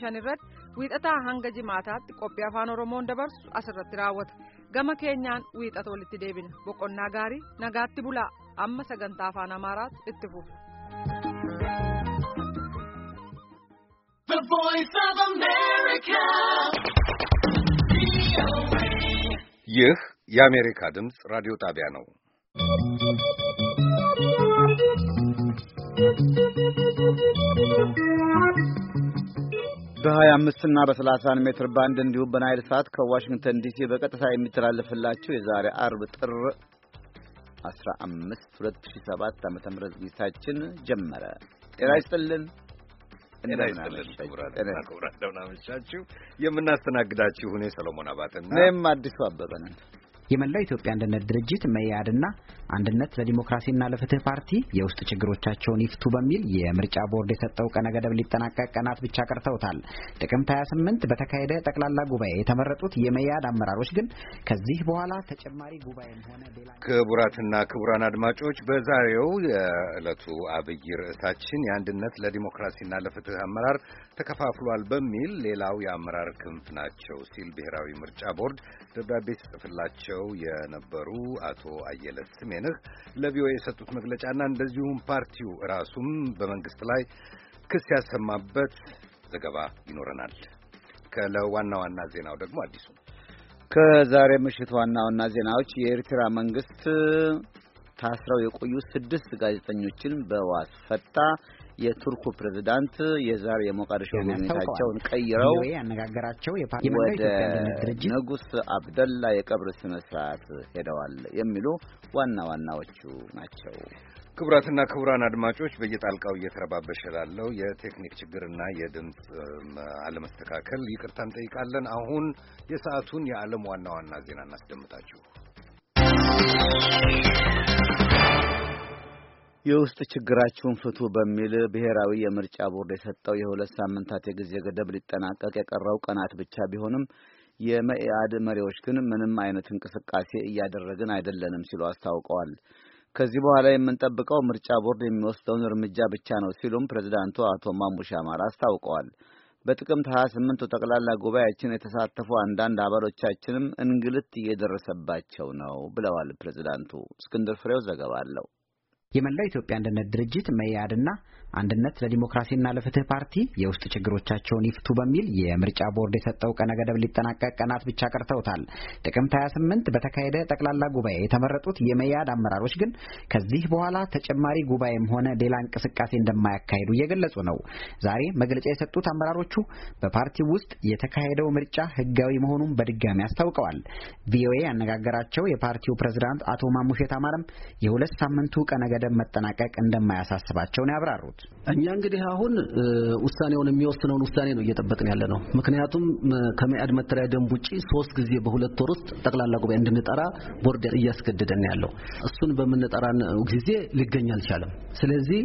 shan irratti wiixataa hanga jimaataatti qophii afaan Oromoon dabarsu asirratti raawwata. Gama keenyaan wiixata walitti deebina. Boqonnaa gaarii nagaatti bulaa amma sagantaa afaan amaaraatu itti fufu. ይህ የአሜሪካ ድምፅ ራዲዮ ጣቢያ ነው። ¶¶ በ25 እና በ30 ሜትር ባንድ እንዲሁም በናይል ሰዓት ከዋሽንግተን ዲሲ በቀጥታ የሚተላለፍላችሁ የዛሬ አርብ ጥር 15 2007 ዓ.ም ዝግጅታችን ጀመረ። ጤና ይስጥልን። ጤና ይስጥልን የምናስተናግዳችሁ እኔ ሰሎሞን አባትና እኔም አዲሱ አበበ ነን። የመላው ኢትዮጵያ አንድነት ድርጅት መኢአድና አንድነት ለዲሞክራሲና ለፍትህ ፓርቲ የውስጥ ችግሮቻቸውን ይፍቱ በሚል የምርጫ ቦርድ የሰጠው ቀነ ገደብ ሊጠናቀቅ ቀናት ብቻ ቀርተውታል። ጥቅምት 28 በተካሄደ ጠቅላላ ጉባኤ የተመረጡት የመያድ አመራሮች ግን ከዚህ በኋላ ተጨማሪ ጉባኤም ሆነ ሌላ ክቡራትና ክቡራን አድማጮች በዛሬው የዕለቱ አብይ ርዕሳችን የአንድነት ለዲሞክራሲና ለፍትህ አመራር ተከፋፍሏል በሚል ሌላው የአመራር ክንፍ ናቸው ሲል ብሔራዊ ምርጫ ቦርድ ደብዳቤ ሲጽፍላቸው የነበሩ አቶ አየለ ስሜን በላይነህ ለቪኦኤ የሰጡት መግለጫና እንደዚሁም ፓርቲው ራሱም በመንግስት ላይ ክስ ያሰማበት ዘገባ ይኖረናል። ከለዋና ዋና ዜናው ደግሞ አዲሱ ከዛሬ ምሽት ዋና ዋና ዜናዎች የኤርትራ መንግስት ታስረው የቆዩ ስድስት ጋዜጠኞችን በዋስ ፈታ። የቱርኩ ፕሬዝዳንት የዛሬ የሞቃዲሾ ጉብኝታቸውን ቀይረው ያነጋገራቸው ወደ ንጉስ አብደላ የቀብር ስነ ስርዓት ሄደዋል የሚሉ ዋና ዋናዎቹ ናቸው። ክቡራትና ክቡራን አድማጮች በየጣልቃው እየተረባበሸ ላለው የቴክኒክ ችግርና የድምፅ አለመስተካከል ይቅርታ እንጠይቃለን። አሁን የሰዓቱን የዓለም ዋና ዋና ዜና እናስደምጣችሁ። የውስጥ ችግራችሁን ፍቱ በሚል ብሔራዊ የምርጫ ቦርድ የሰጠው የሁለት ሳምንታት የጊዜ ገደብ ሊጠናቀቅ የቀረው ቀናት ብቻ ቢሆንም የመኢአድ መሪዎች ግን ምንም አይነት እንቅስቃሴ እያደረግን አይደለንም ሲሉ አስታውቀዋል። ከዚህ በኋላ የምንጠብቀው ምርጫ ቦርድ የሚወስደውን እርምጃ ብቻ ነው ሲሉም ፕሬዚዳንቱ አቶ ማሙሽ አማራ አስታውቀዋል። በጥቅምት 28ቱ ጠቅላላ ጉባኤያችን የተሳተፉ አንዳንድ አባሎቻችንም እንግልት እየደረሰባቸው ነው ብለዋል ፕሬዚዳንቱ። እስክንድር ፍሬው ዘገባ አለው። የመላው ኢትዮጵያ አንድነት ድርጅት መኢአድና አንድነት ለዲሞክራሲና ለፍትህ ፓርቲ የውስጥ ችግሮቻቸውን ይፍቱ በሚል የምርጫ ቦርድ የሰጠው ቀነ ገደብ ሊጠናቀቅ ቀናት ብቻ ቀርተውታል። ጥቅምት 28 በተካሄደ ጠቅላላ ጉባኤ የተመረጡት የመኢአድ አመራሮች ግን ከዚህ በኋላ ተጨማሪ ጉባኤም ሆነ ሌላ እንቅስቃሴ እንደማያካሂዱ እየገለጹ ነው። ዛሬ መግለጫ የሰጡት አመራሮቹ በፓርቲው ውስጥ የተካሄደው ምርጫ ህጋዊ መሆኑን በድጋሚ አስታውቀዋል። ቪኦኤ ያነጋገራቸው የፓርቲው ፕሬዝዳንት አቶ ማሙሼት አማረም የሁለት ሳምንቱ ቀነ በገደብ መጠናቀቅ እንደማያሳስባቸው ነው ያብራሩት። እኛ እንግዲህ አሁን ውሳኔውን የሚወስነውን ውሳኔ ነው እየጠበቅን ያለ ነው። ምክንያቱም ከመያድ መተሪያ ደንብ ውጭ ሶስት ጊዜ በሁለት ወር ውስጥ ጠቅላላ ጉባኤ እንድንጠራ ቦርድ እያስገደደን ያለው እሱን በምንጠራን ጊዜ ሊገኝ አልቻለም። ስለዚህ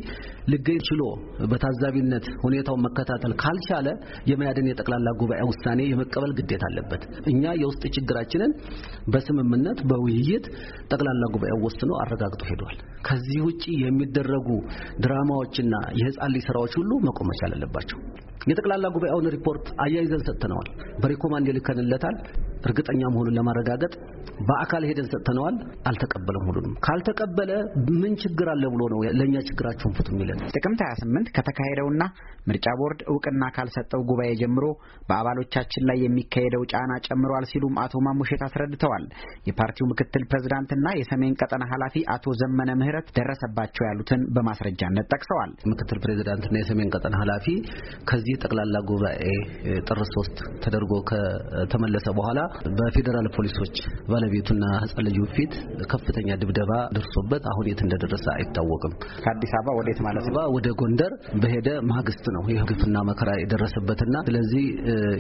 ሊገኝ ችሎ በታዛቢነት ሁኔታውን መከታተል ካልቻለ የመያድን የጠቅላላ ጉባኤ ውሳኔ የመቀበል ግዴታ አለበት። እኛ የውስጥ ችግራችንን በስምምነት በውይይት ጠቅላላ ጉባኤ ወስኖ አረጋግጦ ሄዷል። ከዚህ ውጪ የሚደረጉ ድራማዎችና የህፃን ልጅ ስራዎች ሁሉ መቆም መቻል አለባቸው። የጠቅላላ ጉባኤውን ሪፖርት አያይዘን ሰጥተነዋል። በሪኮማንድ ይልከንለታል። እርግጠኛ መሆኑን ለማረጋገጥ በአካል ሄደን ሰጥተነዋል። አልተቀበለም። ሁሉንም ካልተቀበለ ምን ችግር አለ ብሎ ነው ለእኛ ችግራቸውን ፍቱ የሚለን። ጥቅምት 28 ከተካሄደውና ምርጫ ቦርድ እውቅና ካልሰጠው ጉባኤ ጀምሮ በአባሎቻችን ላይ የሚካሄደው ጫና ጨምሯል ሲሉም አቶ ማሙሼት አስረድተዋል። የፓርቲው ምክትል ፕሬዝዳንትና የሰሜን ቀጠና ኃላፊ አቶ ዘመነ ምህረት ደረሰባቸው ያሉትን በማስረጃነት ጠቅሰዋል። ምክትል ፕሬዝዳንትና የሰሜን ቀጠና ኃላፊ ከዚህ ጠቅላላ ጉባኤ ጥር ሶስት ተደርጎ ከተመለሰ በኋላ በፌዴራል ፖሊሶች ባለቤቱና ህጻን ልጁ ፊት ከፍተኛ ድብደባ ደርሶበት አሁን የት እንደደረሰ አይታወቅም። ከአዲስ አበባ ወዴት ማለት ነው? ወደ ጎንደር በሄደ ማግስት ነው ይህ ግፍና መከራ የደረሰበትና ስለዚህ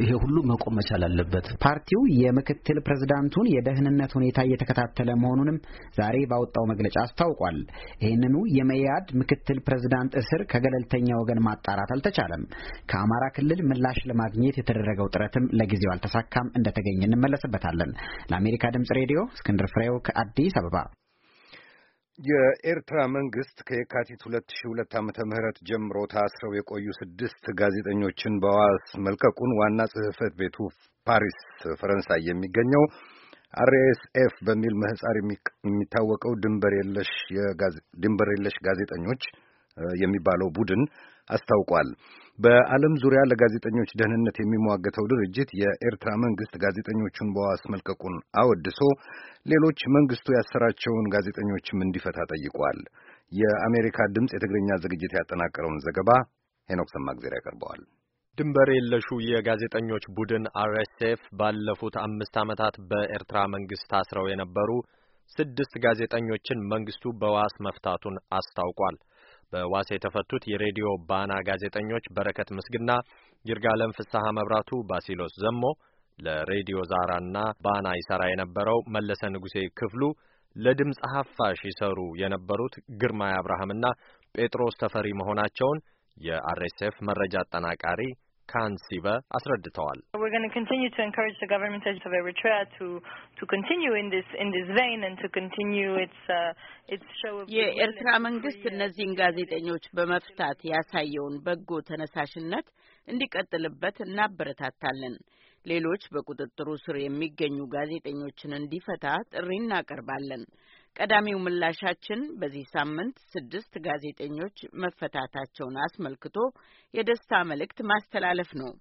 ይሄ ሁሉ መቆም መቻል አለበት። ፓርቲው የምክትል ፕሬዝዳንቱን የደህንነት ሁኔታ እየተከታተለ መሆኑንም ዛሬ ባወጣው መግለጫ አስታውቋል። ይህንኑ የመያድ ምክትል ፕሬዝዳንት እስር ከገለልተኛ ወገን ማጣራት አልተቻለም። ከአማራ ክልል ምላሽ ለማግኘት የተደረገው ጥረትም ለጊዜው አልተሳካም። እንደተገኘ እንመለስበታለን። ለአሜሪካ ድምጽ ሬዲዮ እስክንድር ፍሬው ከአዲስ አበባ። የኤርትራ መንግስት ከየካቲት ሁለት ሺህ ሁለት ዓመተ ምህረት ጀምሮ ታስረው የቆዩ ስድስት ጋዜጠኞችን በዋስ መልቀቁን ዋና ጽህፈት ቤቱ ፓሪስ ፈረንሳይ የሚገኘው አርኤስኤፍ በሚል ምህጻር የሚታወቀው ድንበር የለሽ ድንበር የለሽ ጋዜጠኞች የሚባለው ቡድን አስታውቋል። በዓለም ዙሪያ ለጋዜጠኞች ደህንነት የሚሟገተው ድርጅት የኤርትራ መንግስት ጋዜጠኞቹን በዋስ መልቀቁን አወድሶ ሌሎች መንግስቱ ያሰራቸውን ጋዜጠኞችም እንዲፈታ ጠይቋል። የአሜሪካ ድምፅ የትግርኛ ዝግጅት ያጠናቀረውን ዘገባ ሄኖክ ሰማግዜር ያቀርበዋል። ድንበር የለሹ የጋዜጠኞች ቡድን አርኤስኤፍ ባለፉት አምስት ዓመታት በኤርትራ መንግስት ታስረው የነበሩ ስድስት ጋዜጠኞችን መንግስቱ በዋስ መፍታቱን አስታውቋል። በዋስ የተፈቱት የሬዲዮ ባና ጋዜጠኞች በረከት ምስግና፣ ይርጋለም ፍስሐ መብራቱ፣ ባሲሎስ ዘሞ፣ ለሬዲዮ ዛራና ባና ይሰራ የነበረው መለሰ ንጉሴ ክፍሉ፣ ለድምፅ ሀፋሽ ይሰሩ የነበሩት ግርማይ አብርሃምና ጴጥሮስ ተፈሪ መሆናቸውን የአርኤስኤፍ መረጃ አጠናቃሪ ካንሲበ አስረድተዋል። uh, የኤርትራ መንግስት እነዚህን ጋዜጠኞች በመፍታት ያሳየውን በጎ ተነሳሽነት እንዲቀጥልበት እናበረታታለን። ሌሎች በቁጥጥሩ ስር የሚገኙ ጋዜጠኞችን እንዲፈታ ጥሪ እናቀርባለን። ቀዳሚው ምላሻችን በዚህ ሳምንት ስድስት ጋዜጠኞች መፈታታቸውን አስመልክቶ የደስታ መልእክት ማስተላለፍ ነው።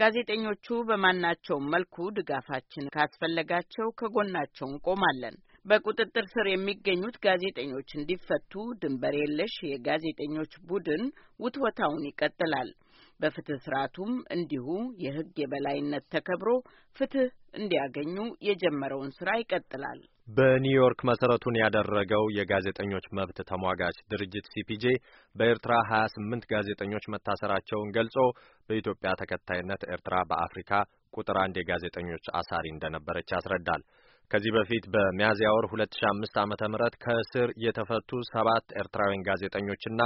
ጋዜጠኞቹ በማናቸውም መልኩ ድጋፋችን ካስፈለጋቸው ከጎናቸው እንቆማለን። በቁጥጥር ስር የሚገኙት ጋዜጠኞች እንዲፈቱ ድንበር የለሽ የጋዜጠኞች ቡድን ውትወታውን ይቀጥላል። በፍትህ ስርዓቱም እንዲሁ የህግ የበላይነት ተከብሮ ፍትህ እንዲያገኙ የጀመረውን ስራ ይቀጥላል። በኒውዮርክ መሰረቱን ያደረገው የጋዜጠኞች መብት ተሟጋች ድርጅት ሲፒጄ በኤርትራ 28 ጋዜጠኞች መታሰራቸውን ገልጾ በኢትዮጵያ ተከታይነት ኤርትራ በአፍሪካ ቁጥር አንድ የጋዜጠኞች አሳሪ እንደነበረች ያስረዳል። ከዚህ በፊት በሚያዝያ ወር 2005 ዓመተ ምህረት ከእስር የተፈቱ ሰባት ኤርትራውያን ጋዜጠኞችና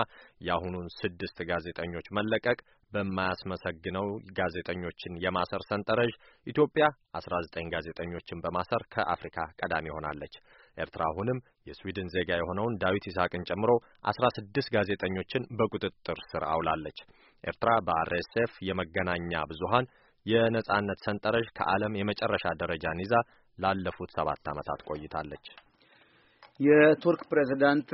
የአሁኑን ስድስት ጋዜጠኞች መለቀቅ በማያስመሰግነው ጋዜጠኞችን የማሰር ሰንጠረዥ ኢትዮጵያ 19 ጋዜጠኞችን በማሰር ከአፍሪካ ቀዳሚ ሆናለች። ኤርትራ አሁንም የስዊድን ዜጋ የሆነውን ዳዊት ይስሐቅን ጨምሮ 16 ጋዜጠኞችን በቁጥጥር ስር አውላለች። ኤርትራ በአርኤስኤፍ የመገናኛ ብዙሃን የነጻነት ሰንጠረዥ ከዓለም የመጨረሻ ደረጃን ይዛ ላለፉት ሰባት ዓመታት ቆይታለች። የቱርክ ፕሬዝዳንት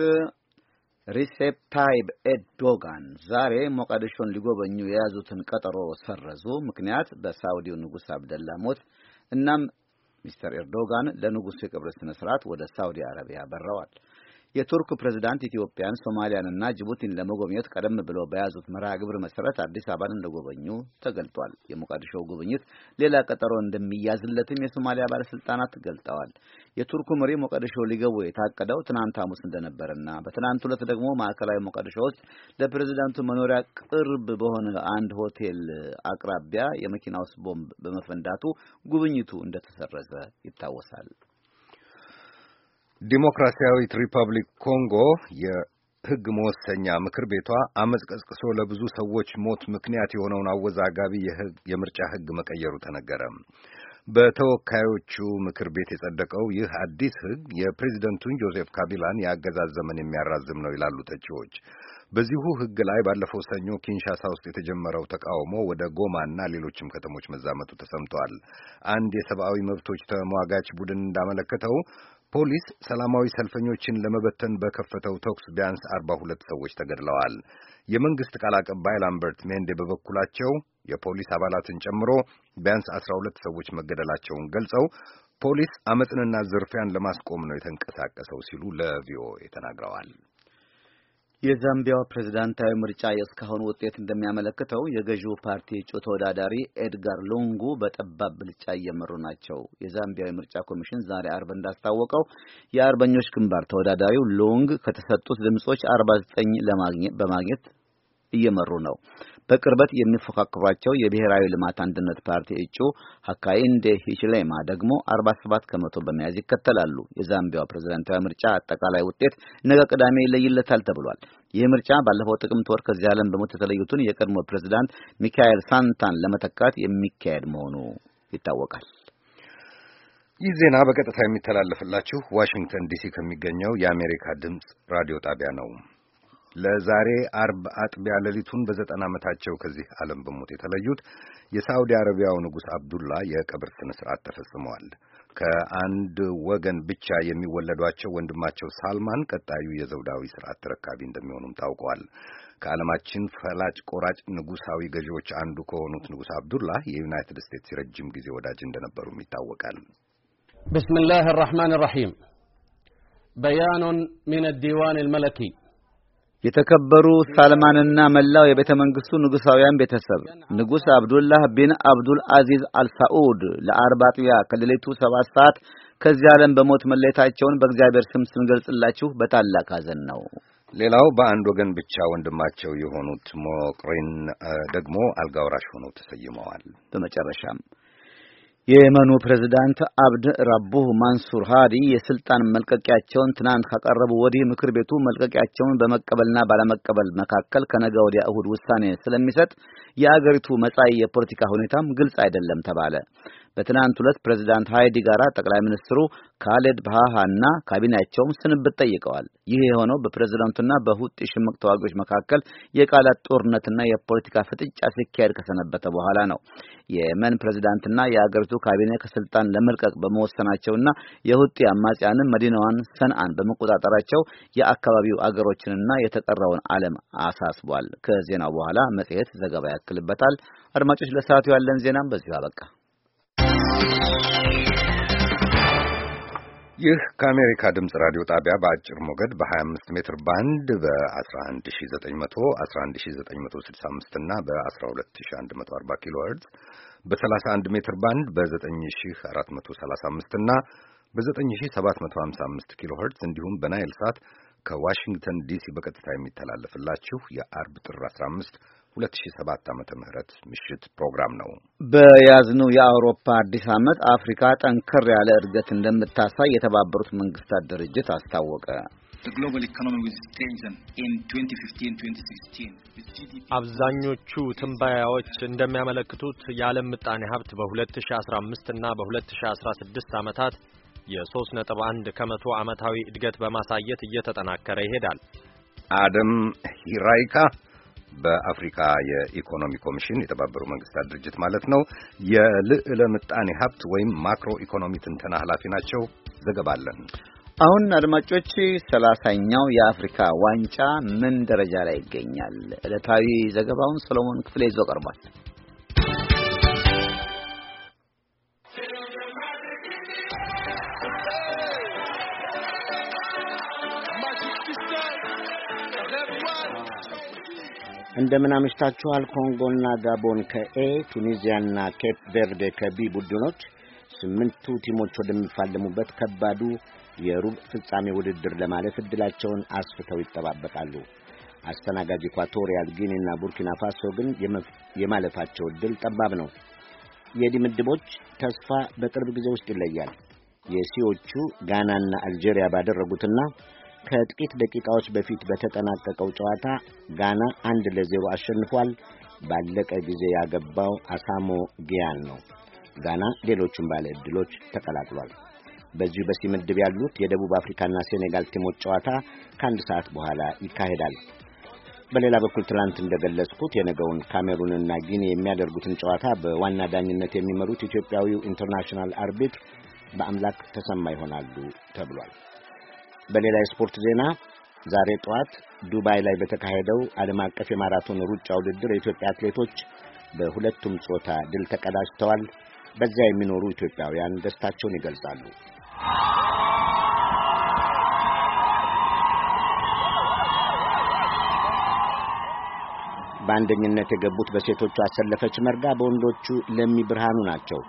ሪሴፕ ታይብ ኤርዶጋን ዛሬ ሞቃዲሾን ሊጎበኙ የያዙትን ቀጠሮ ሰረዙ። ምክንያት በሳውዲው ንጉሥ አብደላ ሞት። እናም ሚስተር ኤርዶጋን ለንጉሡ የቅብር ስነ ስርዓት ወደ ሳውዲ አረቢያ በረዋል። የቱርክ ፕሬዝዳንት ኢትዮጵያን፣ ሶማሊያንና ጅቡቲን ለመጎብኘት ቀደም ብለው በያዙት መርሃ ግብር መሰረት አዲስ አበባን እንደጎበኙ ተገልጧል። የሞቃዲሾው ጉብኝት ሌላ ቀጠሮ እንደሚያዝለትም የሶማሊያ ባለስልጣናት ገልጠዋል። የቱርኩ መሪ ሞቃዲሾ ሊገቡ የታቀደው ትናንት ሐሙስ እንደነበርና በትናንት ሁለት ደግሞ ማዕከላዊ ሞቃዲሾ ውስጥ ለፕሬዝዳንቱ መኖሪያ ቅርብ በሆነ አንድ ሆቴል አቅራቢያ የመኪና ውስጥ ቦምብ በመፈንዳቱ ጉብኝቱ እንደተሰረዘ ይታወሳል። ዲሞክራሲያዊት ሪፐብሊክ ኮንጎ የሕግ መወሰኛ ምክር ቤቷ አመፅ ቀስቅሶ ለብዙ ሰዎች ሞት ምክንያት የሆነውን አወዛጋቢ የምርጫ ሕግ መቀየሩ ተነገረ። በተወካዮቹ ምክር ቤት የጸደቀው ይህ አዲስ ሕግ የፕሬዚደንቱን ጆዜፍ ካቢላን የአገዛዝ ዘመን የሚያራዝም ነው ይላሉ ተቺዎች። በዚሁ ሕግ ላይ ባለፈው ሰኞ ኪንሻሳ ውስጥ የተጀመረው ተቃውሞ ወደ ጎማ ና ሌሎችም ከተሞች መዛመቱ ተሰምተዋል። አንድ የሰብአዊ መብቶች ተሟጋች ቡድን እንዳመለከተው ፖሊስ ሰላማዊ ሰልፈኞችን ለመበተን በከፈተው ተኩስ ቢያንስ አርባ ሁለት ሰዎች ተገድለዋል። የመንግሥት ቃል አቀባይ ላምበርት ሜንዴ በበኩላቸው የፖሊስ አባላትን ጨምሮ ቢያንስ አስራ ሁለት ሰዎች መገደላቸውን ገልጸው ፖሊስ አመፅንና ዝርፊያን ለማስቆም ነው የተንቀሳቀሰው ሲሉ ለቪኦኤ ተናግረዋል። የዛምቢያው ፕሬዝዳንታዊ ምርጫ የእስካሁን ውጤት እንደሚያመለክተው የገዢው ፓርቲ እጩ ተወዳዳሪ ኤድጋር ሎንጉ በጠባብ ብልጫ እየመሩ ናቸው። የዛምቢያው የምርጫ ኮሚሽን ዛሬ አርብ እንዳስታወቀው የአርበኞች ግንባር ተወዳዳሪው ሎንግ ከተሰጡት ድምጾች 49 በማግኘት እየመሩ ነው። በቅርበት የሚፎካከሯቸው የብሔራዊ ልማት አንድነት ፓርቲ እጩ ሀካይንዴ ሂችሌማ ደግሞ 47 ከመቶ በመያዝ ይከተላሉ። የዛምቢያው ፕሬዝዳንታዊ ምርጫ አጠቃላይ ውጤት ነገ ቅዳሜ ይለይለታል ተብሏል። ይህ ምርጫ ባለፈው ጥቅምት ወር ከዚህ ዓለም በሞት የተለዩትን የቀድሞ ፕሬዝዳንት ሚካኤል ሳንታን ለመተካት የሚካሄድ መሆኑ ይታወቃል። ይህ ዜና በቀጥታ የሚተላለፍላችሁ ዋሽንግተን ዲሲ ከሚገኘው የአሜሪካ ድምፅ ራዲዮ ጣቢያ ነው። ለዛሬ አርብ አጥቢያ ሌሊቱን በዘጠና ዓመታቸው ከዚህ ዓለም በሞት የተለዩት የሳዑዲ አረቢያው ንጉሥ አብዱላ የቀብር ስነ ስርዓት ተፈጽመዋል። ከአንድ ወገን ብቻ የሚወለዷቸው ወንድማቸው ሳልማን ቀጣዩ የዘውዳዊ ስርዓት ተረካቢ እንደሚሆኑም ታውቀዋል። ከዓለማችን ፈላጭ ቆራጭ ንጉሳዊ ገዢዎች አንዱ ከሆኑት ንጉሥ አብዱላ የዩናይትድ ስቴትስ የረጅም ጊዜ ወዳጅ እንደነበሩም ይታወቃል። ብስሚላህ አራሕማን አራሒም በያኑን ሚን ዲዋን ልመለኪ የተከበሩ ሳልማንና መላው የቤተ መንግስቱ ንጉሳውያን ቤተሰብ ንጉስ አብዱላህ ቢን አብዱል አዚዝ አልሳዑድ ለአርባ ከሌሊቱ ሰባት ሰዓት ከዚህ ዓለም በሞት መለየታቸውን በእግዚአብሔር ስም ስንገልጽላችሁ በታላቅ ሐዘን ነው። ሌላው በአንድ ወገን ብቻ ወንድማቸው የሆኑት ሞቅሪን ደግሞ አልጋ ወራሽ ሆነው ተሰይመዋል። በመጨረሻም የየመኑ ፕሬዝዳንት አብድ ራቡህ ማንሱር ሃዲ የስልጣን መልቀቂያቸውን ትናንት ካቀረቡ ወዲህ ምክር ቤቱ መልቀቂያቸውን በመቀበልና ባለመቀበል መካከል ከነገ ወዲያ እሁድ ውሳኔ ስለሚሰጥ የአገሪቱ መጻኢ የፖለቲካ ሁኔታም ግልጽ አይደለም ተባለ። በትናንት ሁለት ፕሬዚዳንት ሃይዲ ጋራ ጠቅላይ ሚኒስትሩ ካሌድ ባሃሃና እና ካቢኔያቸውም ስንብት ጠይቀዋል። ይህ የሆነው በፕሬዚዳንቱና በሁጢ ሽምቅ ተዋጊዎች መካከል የቃላት ጦርነትና የፖለቲካ ፍጥጫ ሲካሄድ ከሰነበተ በኋላ ነው። የየመን ፕሬዚዳንትና የአገሪቱ ካቢኔ ከስልጣን ለመልቀቅ በመወሰናቸውና የሁጢ አማጽያንም መዲናዋን ሰንአን በመቆጣጠራቸው የአካባቢው አገሮችንና የተቀረውን ዓለም አሳስቧል። ከዜናው በኋላ መጽሔት ዘገባ ያክልበታል። አድማጮች፣ ለሰዓቱ ያለን ዜናም በዚሁ አበቃ። ይህ ከአሜሪካ ድምፅ ራዲዮ ጣቢያ በአጭር ሞገድ በ25 ሜትር ባንድ በ 11911965 እና በ12140 ኪሎ ሄርዝ በ31 ሜትር ባንድ በ9435 እና በ9755 ኪሎ ሄርዝ እንዲሁም በናይል ሳት ከዋሽንግተን ዲሲ በቀጥታ የሚተላለፍላችሁ የአርብ ጥር 15 2007 ዓ.ም ምሽት ፕሮግራም ነው። በያዝነው የአውሮፓ አዲስ ዓመት አፍሪካ ጠንከር ያለ እድገት እንደምታሳይ የተባበሩት መንግስታት ድርጅት አስታወቀ። አብዛኞቹ ትንባያዎች እንደሚያመለክቱት የዓለም ምጣኔ ሀብት በ2015 እና በ2016 ዓመታት የ3.1 ከመቶ ዓመታዊ እድገት በማሳየት እየተጠናከረ ይሄዳል። አደም ሂራይካ በአፍሪካ የኢኮኖሚ ኮሚሽን የተባበሩ መንግስታት ድርጅት ማለት ነው የልዕለ ምጣኔ ሀብት ወይም ማክሮ ኢኮኖሚ ትንተና ኃላፊ ናቸው። ዘገባለን። አሁን አድማጮች ሰላሳኛው የአፍሪካ ዋንጫ ምን ደረጃ ላይ ይገኛል? ዕለታዊ ዘገባውን ሰሎሞን ክፍሌ ይዞ ቀርቧል። እንደምን አምሽታችኋል። ኮንጎና ጋቦን ከኤ ቱኒዚያና ኬፕ ቬርዴ ከቢ ቡድኖች ስምንቱ ቲሞች ወደሚፋለሙበት ከባዱ የሩብ ፍጻሜ ውድድር ለማለፍ ዕድላቸውን አስፍተው ይጠባበቃሉ። አስተናጋጅ ኢኳቶሪያል ጊኒና ቡርኪና ፋሶ ግን የማለፋቸው ዕድል ጠባብ ነው። የዲ ምድቦች ተስፋ በቅርብ ጊዜ ውስጥ ይለያል። የሲዎቹ ጋናና አልጄሪያ ባደረጉትና ከጥቂት ደቂቃዎች በፊት በተጠናቀቀው ጨዋታ ጋና አንድ ለዜሮ አሸንፏል። ባለቀ ጊዜ ያገባው አሳሞ ጊያን ነው። ጋና ሌሎቹን ባለ ዕድሎች ተቀላቅሏል። በዚሁ በሲ ምድብ ያሉት የደቡብ አፍሪካና ሴኔጋል ቲሞች ጨዋታ ከአንድ ሰዓት በኋላ ይካሄዳል። በሌላ በኩል ትናንት እንደገለጽኩት የነገውን ካሜሩንና ጊኒ የሚያደርጉትን ጨዋታ በዋና ዳኝነት የሚመሩት ኢትዮጵያዊው ኢንተርናሽናል አርቢትር በአምላክ ተሰማ ይሆናሉ ተብሏል። በሌላ የስፖርት ዜና ዛሬ ጠዋት ዱባይ ላይ በተካሄደው ዓለም አቀፍ የማራቶን ሩጫ ውድድር የኢትዮጵያ አትሌቶች በሁለቱም ጾታ ድል ተቀዳጅተዋል። በዚያ የሚኖሩ ኢትዮጵያውያን ደስታቸውን ይገልጻሉ። በአንደኝነት የገቡት በሴቶቹ አሰለፈች መርጋ፣ በወንዶቹ ለሚ ብርሃኑ ናቸው።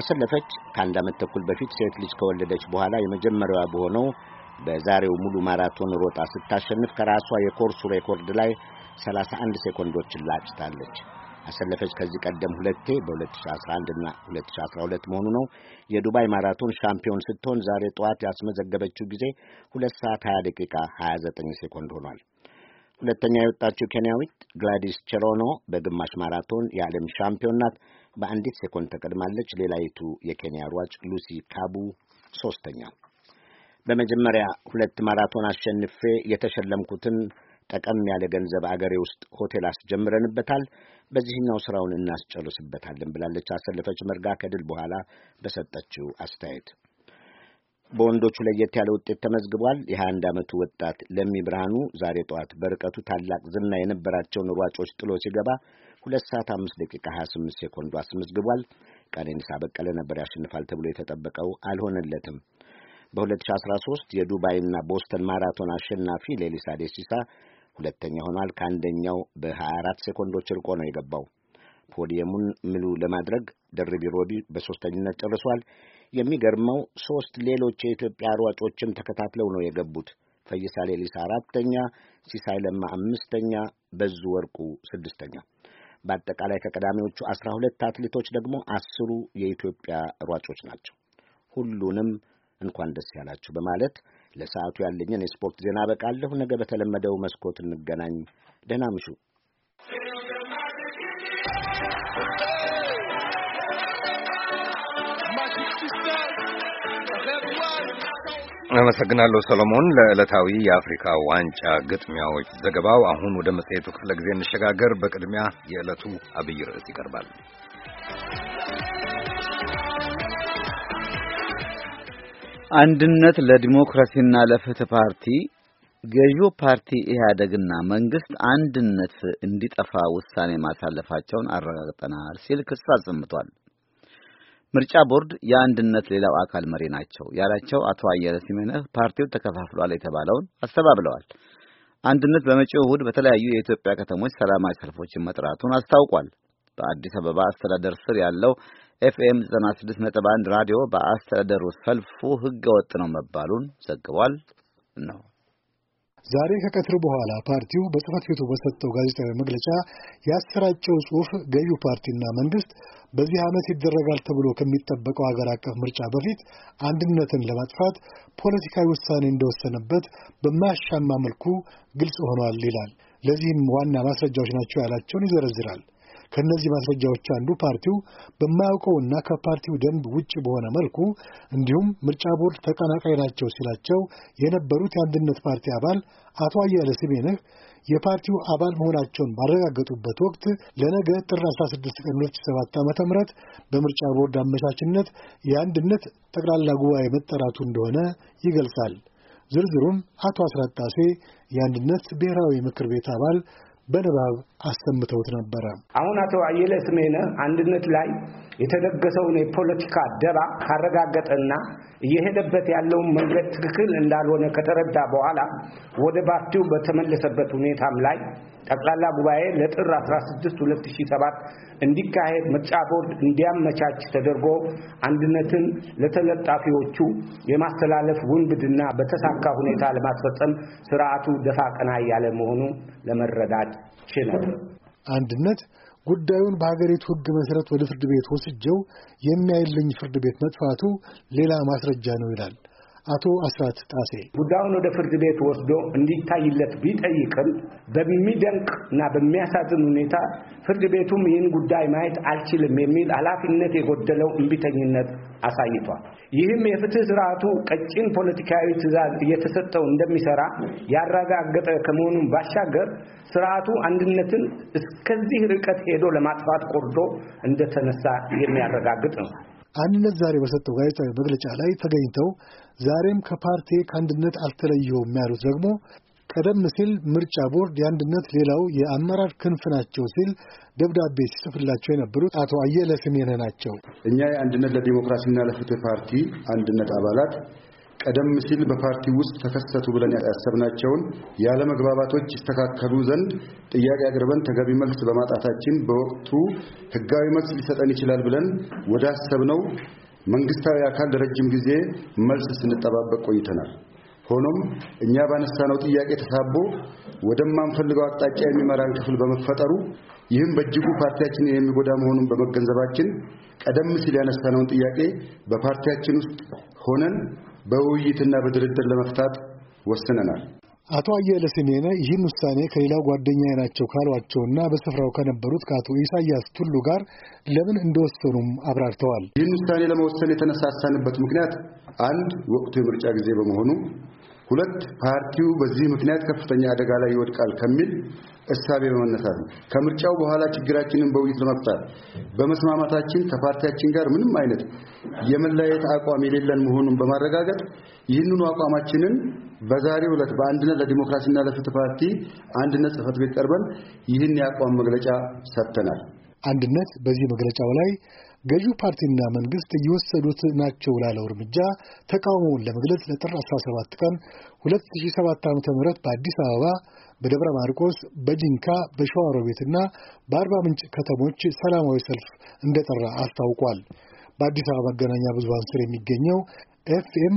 አሰለፈች ከአንድ ዓመት ተኩል በፊት ሴት ልጅ ከወለደች በኋላ የመጀመሪያዋ በሆነው በዛሬው ሙሉ ማራቶን ሮጣ ስታሸንፍ ከራሷ የኮርሱ ሬኮርድ ላይ 31 ሴኮንዶችን ላጭታለች። አሰለፈች ከዚህ ቀደም ሁለቴ በ2011 እና 2012 መሆኑ ነው። የዱባይ ማራቶን ሻምፒዮን ስትሆን ዛሬ ጠዋት ያስመዘገበችው ጊዜ 2 ሰዓት 20 ደቂቃ 29 ሴኮንድ ሆኗል። ሁለተኛ የወጣችው ኬንያዊት ግላዲስ ቸሮኖ በግማሽ ማራቶን የዓለም ሻምፒዮን ናት። በአንዲት ሴኮንድ ተቀድማለች። ሌላይቱ የኬንያ ሯጭ ሉሲ ካቡ ሶስተኛ በመጀመሪያ ሁለት ማራቶን አሸንፌ የተሸለምኩትን ጠቀም ያለ ገንዘብ አገሬ ውስጥ ሆቴል አስጀምረንበታል። በዚህኛው ስራውን እናስጨርስበታለን ብላለች አሰለፈች መርጋ ከድል በኋላ በሰጠችው አስተያየት። በወንዶቹ ለየት ያለ ውጤት ተመዝግቧል። የ21 ዓመቱ ወጣት ለሚ ብርሃኑ ዛሬ ጠዋት በርቀቱ ታላቅ ዝና የነበራቸውን ሯጮች ጥሎ ሲገባ ሁለት ሰዓት አምስት ደቂቃ 28 ሴኮንዱ አስመዝግቧል። ቀነኒሳ በቀለ ነበር ያሸንፋል ተብሎ የተጠበቀው አልሆነለትም። በ2013 የዱባይና ቦስተን ማራቶን አሸናፊ ሌሊሳ ዴሲሳ ሁለተኛ ሆኗል። ከአንደኛው በ24 ሴኮንዶች ርቆ ነው የገባው። ፖዲየሙን ምሉ ለማድረግ ደርቢ ሮቢ በሦስተኝነት ጨርሷል። የሚገርመው ሦስት ሌሎች የኢትዮጵያ ሯጮችም ተከታትለው ነው የገቡት። ፈይሳ ሌሊሳ አራተኛ፣ ሲሳይ ለማ አምስተኛ፣ በዙ ወርቁ ስድስተኛ። በአጠቃላይ ከቀዳሚዎቹ አስራ ሁለት አትሌቶች ደግሞ አስሩ የኢትዮጵያ ሯጮች ናቸው። ሁሉንም እንኳን ደስ ያላችሁ በማለት ለሰዓቱ ያለኝን የስፖርት ዜና አበቃለሁ። ነገ በተለመደው መስኮት እንገናኝ። ደህና ምሹ። አመሰግናለሁ ሰሎሞን ለዕለታዊ የአፍሪካ ዋንጫ ግጥሚያዎች ዘገባው። አሁን ወደ መጽሔቱ ክፍለ ጊዜ እንሸጋገር። በቅድሚያ የዕለቱ አብይ ርዕስ ይቀርባል። አንድነት ለዲሞክራሲና ለፍትህ ፓርቲ ገዢው ፓርቲ ኢህአደግና መንግስት አንድነት እንዲጠፋ ውሳኔ ማሳለፋቸውን አረጋግጠናል ሲል ክስ አሰምቷል። ምርጫ ቦርድ የአንድነት ሌላው አካል መሪ ናቸው ያላቸው አቶ አየለ ሲሜነህ ፓርቲው ተከፋፍሏል የተባለውን አስተባብለዋል። አንድነት በመጪው እሁድ በተለያዩ የኢትዮጵያ ከተሞች ሰላማዊ ሰልፎችን መጥራቱን አስታውቋል። በአዲስ አበባ አስተዳደር ስር ያለው ኤፍኤም 96.1 ራዲዮ በአስተዳደሩ ሰልፉ ህገ ወጥ ነው መባሉን ዘግቧል። ነው ዛሬ ከቀትር በኋላ ፓርቲው በጽህፈት ቤቱ በሰጠው ጋዜጣዊ መግለጫ ያሰራጨው ጽሑፍ ገዢው ፓርቲና መንግስት በዚህ ዓመት ይደረጋል ተብሎ ከሚጠበቀው ሀገር አቀፍ ምርጫ በፊት አንድነትን ለማጥፋት ፖለቲካዊ ውሳኔ እንደወሰነበት በማያሻማ መልኩ ግልጽ ሆኗል ይላል። ለዚህም ዋና ማስረጃዎች ናቸው ያላቸውን ይዘረዝራል። ከእነዚህ ማስረጃዎች አንዱ ፓርቲው በማያውቀውና ከፓርቲው ደንብ ውጭ በሆነ መልኩ እንዲሁም ምርጫ ቦርድ ተቀናቃይ ናቸው ሲላቸው የነበሩት የአንድነት ፓርቲ አባል አቶ አያለ ስሜነህ የፓርቲው አባል መሆናቸውን ባረጋገጡበት ወቅት ለነገ ጥር 16 ቀን 2007 ዓ ም በምርጫ ቦርድ አመቻችነት የአንድነት ጠቅላላ ጉባኤ መጠራቱ እንደሆነ ይገልጻል። ዝርዝሩም አቶ አስራት ጣሴ የአንድነት ብሔራዊ ምክር ቤት አባል በንባብ አሰምተውት ነበረ። አሁን አቶ አየለ ስሜነህ አንድነት ላይ የተደገሰውን የፖለቲካ ደባ ካረጋገጠና እየሄደበት ያለውን መንገድ ትክክል እንዳልሆነ ከተረዳ በኋላ ወደ ፓርቲው በተመለሰበት ሁኔታም ላይ ጠቅላላ ጉባኤ ለጥር 16 2007 እንዲካሄድ ምርጫ ቦርድ እንዲያመቻች ተደርጎ አንድነትን ለተለጣፊዎቹ የማስተላለፍ ውንብድና በተሳካ ሁኔታ ለማስፈጸም ስርዓቱ ደፋ ቀና ያለ መሆኑ ለመረዳት ችሏል። አንድነት ጉዳዩን በሀገሪቱ ሕግ መሠረት ወደ ፍርድ ቤት ወስጀው የሚያይልኝ ፍርድ ቤት መጥፋቱ ሌላ ማስረጃ ነው ይላል አቶ አስራት ጣሴ። ጉዳዩን ወደ ፍርድ ቤት ወስዶ እንዲታይለት ቢጠይቅም በሚደንቅ እና በሚያሳዝን ሁኔታ ፍርድ ቤቱም ይህን ጉዳይ ማየት አልችልም የሚል ኃላፊነት የጎደለው እምቢተኝነት አሳይቷል። ይህም የፍትህ ስርዓቱ ቀጭን ፖለቲካዊ ትዕዛዝ እየተሰጠው እንደሚሰራ ያረጋገጠ ከመሆኑን ባሻገር ስርዓቱ አንድነትን እስከዚህ ርቀት ሄዶ ለማጥፋት ቆርዶ እንደተነሳ የሚያረጋግጥ ነው። አንድነት ዛሬ በሰጠው ጋዜጣዊ መግለጫ ላይ ተገኝተው ዛሬም ከፓርቲ ከአንድነት አልተለየውም ያሉት ደግሞ ቀደም ሲል ምርጫ ቦርድ የአንድነት ሌላው የአመራር ክንፍ ናቸው ሲል ደብዳቤ ሲጽፍላቸው የነበሩት አቶ አየለ ስሜነ ናቸው። እኛ የአንድነት ለዲሞክራሲና ለፍትህ ፓርቲ አንድነት አባላት ቀደም ሲል በፓርቲ ውስጥ ተከሰቱ ብለን ያሰብናቸውን ያለመግባባቶች ይስተካከሉ ዘንድ ጥያቄ አቅርበን ተገቢ መልስ በማጣታችን በወቅቱ ሕጋዊ መልስ ሊሰጠን ይችላል ብለን ወደ አሰብነው መንግስታዊ አካል ለረጅም ጊዜ መልስ ስንጠባበቅ ቆይተናል። ሆኖም እኛ ባነሳነው ጥያቄ ተሳቦ ወደማንፈልገው አቅጣጫ የሚመራን ክፍል በመፈጠሩ ይህም በእጅጉ ፓርቲያችን የሚጎዳ መሆኑን በመገንዘባችን ቀደም ሲል ያነሳነውን ጥያቄ በፓርቲያችን ውስጥ ሆነን በውይይትና በድርድር ለመፍታት ወስነናል። አቶ አየለ ስሜነ ይህን ውሳኔ ከሌላው ጓደኛ ናቸው ካሏቸውና በስፍራው ከነበሩት ከአቶ ኢሳያስ ቱሉ ጋር ለምን እንደወሰኑም አብራርተዋል። ይህን ውሳኔ ለመወሰን የተነሳሳንበት ምክንያት አንድ ወቅቱ የምርጫ ጊዜ በመሆኑ ሁለት ፓርቲው በዚህ ምክንያት ከፍተኛ አደጋ ላይ ይወድቃል ከሚል እሳቤ በመነሳት ነው። ከምርጫው በኋላ ችግራችንን በውይይት ለመፍታት በመስማማታችን ከፓርቲያችን ጋር ምንም አይነት የመለያየት አቋም የሌለን መሆኑን በማረጋገጥ ይህንኑ አቋማችንን በዛሬው ዕለት በአንድነት ለዲሞክራሲና ለፍትህ ፓርቲ አንድነት ጽህፈት ቤት ቀርበን ይህን የአቋም መግለጫ ሰጥተናል። አንድነት በዚህ መግለጫው ላይ ገዢው ፓርቲና መንግስት እየወሰዱት ናቸው ላለው እርምጃ ተቃውሞውን ለመግለጽ ለጥር 17 ቀን 2007 ዓ ም በአዲስ አበባ በደብረ ማርቆስ በጂንካ በሸዋሮቤትና በአርባ ምንጭ ከተሞች ሰላማዊ ሰልፍ እንደጠራ አስታውቋል። በአዲስ አበባ መገናኛ ብዙሃን ስር የሚገኘው ኤፍኤም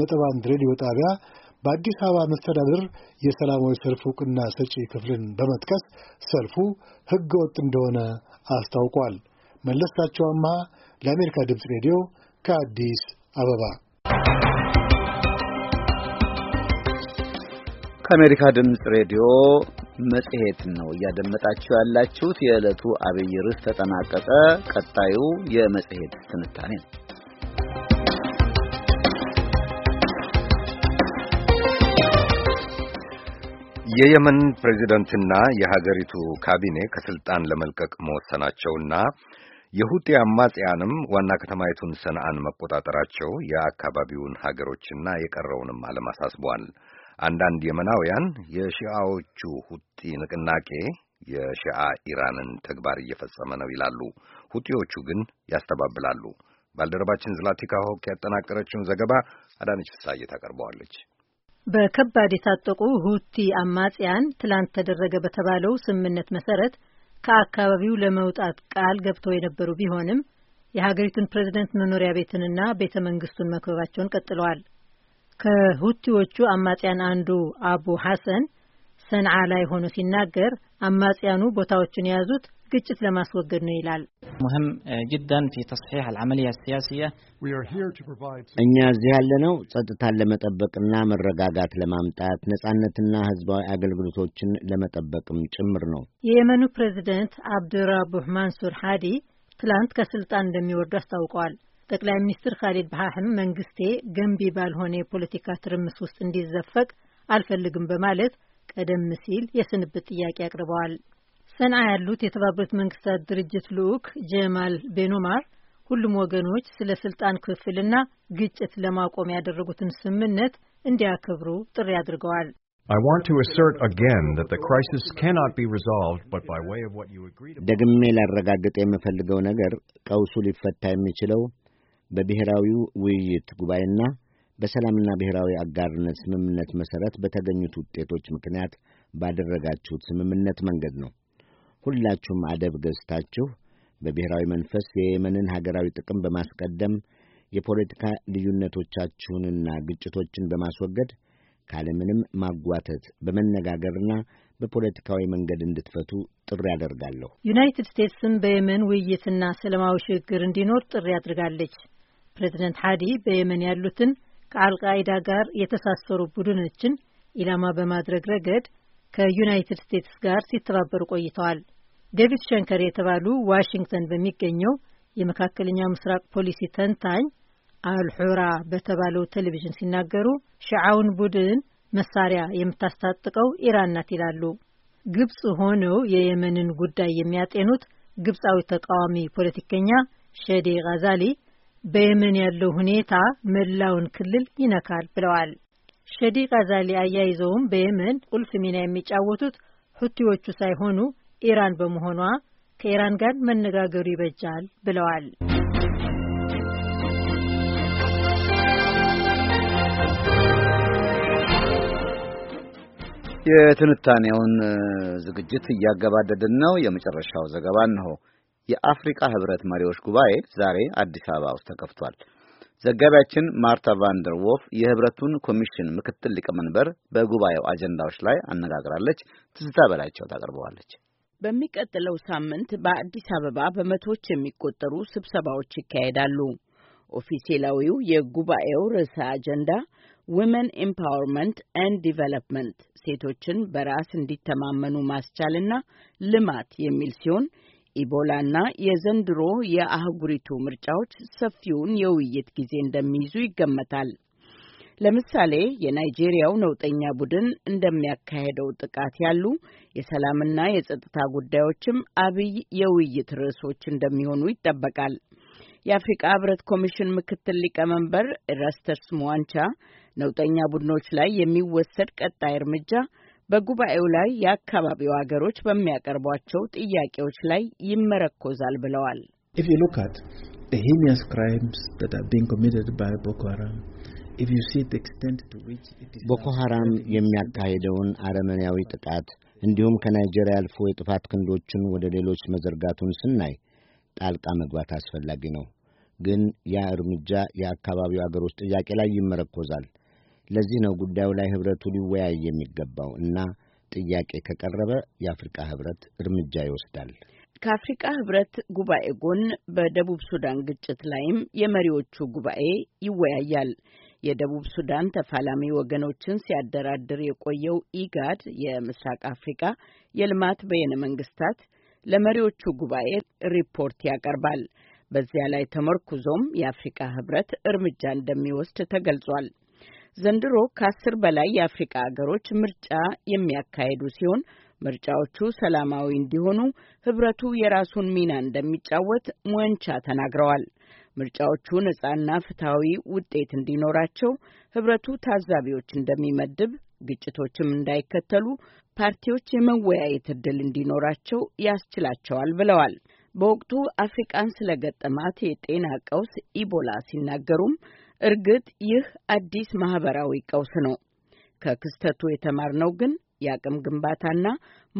ነጥብ1 ሬዲዮ ጣቢያ በአዲስ አበባ መስተዳድር የሰላማዊ ሰልፍ እውቅና ሰጪ ክፍልን በመጥቀስ ሰልፉ ህገወጥ እንደሆነ አስታውቋል። መለስካቸው ለአሜሪካ ድምፅ ሬዲዮ ከአዲስ አበባ ከአሜሪካ ድምፅ ሬዲዮ መጽሔት ነው እያደመጣችሁ ያላችሁት። የዕለቱ አብይ ርዕስ ተጠናቀቀ። ቀጣዩ የመጽሔት ትንታኔ ነው። የየመን ፕሬዚደንትና የሀገሪቱ ካቢኔ ከስልጣን ለመልቀቅ መወሰናቸውና የሁጤ አማጽያንም ዋና ከተማይቱን ሰንዓን መቆጣጠራቸው የአካባቢውን ሀገሮችና የቀረውንም ዓለም አሳስቧል። አንዳንድ የመናውያን የሺአዎቹ ሁጢ ንቅናቄ የሺአ ኢራንን ተግባር እየፈጸመ ነው ይላሉ። ሁጢዎቹ ግን ያስተባብላሉ። ባልደረባችን ዝላቲካ ሆክ ያጠናቀረችውን ዘገባ አዳነች ፍሳዬ ታቀርበዋለች። በከባድ የታጠቁ ሁቲ አማጽያን ትላንት ተደረገ በተባለው ስምምነት መሰረት ከአካባቢው ለመውጣት ቃል ገብተው የነበሩ ቢሆንም የሀገሪቱን ፕሬዝደንት መኖሪያ ቤትንና ቤተ መንግስቱን መክበባቸውን ቀጥለዋል። ከሁቲዎቹ አማጽያን አንዱ አቡ ሐሰን ሰንዓ ላይ ሆኖ ሲናገር አማጽያኑ ቦታዎችን የያዙት ግጭት ለማስወገድ ነው ይላል። ሙሂም እኛ እዚህ ያለነው ጸጥታን ለመጠበቅና መረጋጋት ለማምጣት ነጻነትና ህዝባዊ አገልግሎቶችን ለመጠበቅም ጭምር ነው። የየመኑ ፕሬዚደንት አብዱራቡህ ማንሱር ሃዲ ትላንት ከስልጣን እንደሚወርዱ አስታውቀዋል። ጠቅላይ ሚኒስትር ካሊድ ባህም መንግስቴ ገንቢ ባልሆነ የፖለቲካ ትርምስ ውስጥ እንዲዘፈቅ አልፈልግም በማለት ቀደም ሲል የስንብት ጥያቄ አቅርበዋል። ሰንዓ ያሉት የተባበሩት መንግስታት ድርጅት ልዑክ ጀማል ቤኖማር ሁሉም ወገኖች ስለ ስልጣን ክፍፍልና ግጭት ለማቆም ያደረጉትን ስምምነት እንዲያከብሩ ጥሪ አድርገዋል። ደግሜ ላረጋግጥ የምፈልገው ነገር ቀውሱ ሊፈታ የሚችለው በብሔራዊው ውይይት ጉባኤና በሰላምና ብሔራዊ አጋርነት ስምምነት መሰረት በተገኙት ውጤቶች ምክንያት ባደረጋችሁት ስምምነት መንገድ ነው። ሁላችሁም አደብ ገዝታችሁ በብሔራዊ መንፈስ የየመንን ሀገራዊ ጥቅም በማስቀደም የፖለቲካ ልዩነቶቻችሁንና ግጭቶችን በማስወገድ ካለምንም ማጓተት በመነጋገርና በፖለቲካዊ መንገድ እንድትፈቱ ጥሪ አደርጋለሁ። ዩናይትድ ስቴትስም በየመን ውይይትና ሰላማዊ ሽግግር እንዲኖር ጥሪ አድርጋለች። ፕሬዚደንት ሀዲ በየመን ያሉትን ከአልቃይዳ ጋር የተሳሰሩ ቡድኖችን ኢላማ በማድረግ ረገድ ከዩናይትድ ስቴትስ ጋር ሲተባበሩ ቆይተዋል። ዴቪድ ሸንከር የተባሉ ዋሽንግተን በሚገኘው የመካከለኛው ምስራቅ ፖሊሲ ተንታኝ አልሑራ በተባለው ቴሌቪዥን ሲናገሩ ሽዓውን ቡድን መሳሪያ የምታስታጥቀው ኢራን ናት ይላሉ። ግብጽ ሆነው የየመንን ጉዳይ የሚያጤኑት ግብጻዊ ተቃዋሚ ፖለቲከኛ ሸዴ ጋዛሊ በየመን ያለው ሁኔታ መላውን ክልል ይነካል ብለዋል። ሸዲ ቃዛሊ አያይዘውም በየመን ቁልፍ ሚና የሚጫወቱት ሁቲዎቹ ሳይሆኑ ኢራን በመሆኗ ከኢራን ጋር መነጋገሩ ይበጃል ብለዋል። የትንታኔውን ዝግጅት እያገባደድን ነው። የመጨረሻው ዘገባ እንሆ። የአፍሪካ ህብረት መሪዎች ጉባኤ ዛሬ አዲስ አበባ ውስጥ ተከፍቷል። ዘጋቢያችን ማርታ ቫንደር ዎፍ የህብረቱን ኮሚሽን ምክትል ሊቀመንበር በጉባኤው አጀንዳዎች ላይ አነጋግራለች። ትዝታ በላቸው ታቀርበዋለች። በሚቀጥለው ሳምንት በአዲስ አበባ በመቶዎች የሚቆጠሩ ስብሰባዎች ይካሄዳሉ። ኦፊሴላዊው የጉባኤው ርዕሰ አጀንዳ ዊመን ኤምፓወርመንት ኤንድ ዲቨሎፕመንት ሴቶችን በራስ እንዲተማመኑ ማስቻልና ልማት የሚል ሲሆን ኢቦላና የዘንድሮ የአህጉሪቱ ምርጫዎች ሰፊውን የውይይት ጊዜ እንደሚይዙ ይገመታል። ለምሳሌ የናይጄሪያው ነውጠኛ ቡድን እንደሚያካሄደው ጥቃት ያሉ የሰላምና የጸጥታ ጉዳዮችም አብይ የውይይት ርዕሶች እንደሚሆኑ ይጠበቃል። የአፍሪቃ ህብረት ኮሚሽን ምክትል ሊቀመንበር ኤራስተስ ሙዋንቻ ነውጠኛ ቡድኖች ላይ የሚወሰድ ቀጣይ እርምጃ በጉባኤው ላይ የአካባቢው አገሮች በሚያቀርቧቸው ጥያቄዎች ላይ ይመረኮዛል ብለዋል። ቦኮ ሐራም የሚያካሄደውን አረመኔያዊ ጥቃት እንዲሁም ከናይጄሪያ አልፎ የጥፋት ክንዶችን ወደ ሌሎች መዘርጋቱን ስናይ ጣልቃ መግባት አስፈላጊ ነው። ግን ያ እርምጃ የአካባቢው አገሮች ጥያቄ ላይ ይመረኮዛል። ለዚህ ነው ጉዳዩ ላይ ህብረቱ ሊወያይ የሚገባው እና ጥያቄ ከቀረበ የአፍሪካ ህብረት እርምጃ ይወስዳል። ከአፍሪካ ህብረት ጉባኤ ጎን በደቡብ ሱዳን ግጭት ላይም የመሪዎቹ ጉባኤ ይወያያል። የደቡብ ሱዳን ተፋላሚ ወገኖችን ሲያደራድር የቆየው ኢጋድ የምስራቅ አፍሪካ የልማት በየነ መንግስታት ለመሪዎቹ ጉባኤ ሪፖርት ያቀርባል። በዚያ ላይ ተመርኩዞም የአፍሪካ ህብረት እርምጃ እንደሚወስድ ተገልጿል። ዘንድሮ ከአስር በላይ የአፍሪቃ አገሮች ምርጫ የሚያካሂዱ ሲሆን ምርጫዎቹ ሰላማዊ እንዲሆኑ ህብረቱ የራሱን ሚና እንደሚጫወት ሙንቻ ተናግረዋል። ምርጫዎቹ ነጻና ፍትሐዊ ውጤት እንዲኖራቸው ህብረቱ ታዛቢዎች እንደሚመድብ፣ ግጭቶችም እንዳይከተሉ ፓርቲዎች የመወያየት እድል እንዲኖራቸው ያስችላቸዋል ብለዋል። በወቅቱ አፍሪቃን ስለገጠማት የጤና ቀውስ ኢቦላ ሲናገሩም እርግጥ ይህ አዲስ ማህበራዊ ቀውስ ነው። ከክስተቱ የተማርነው ግን የአቅም ግንባታና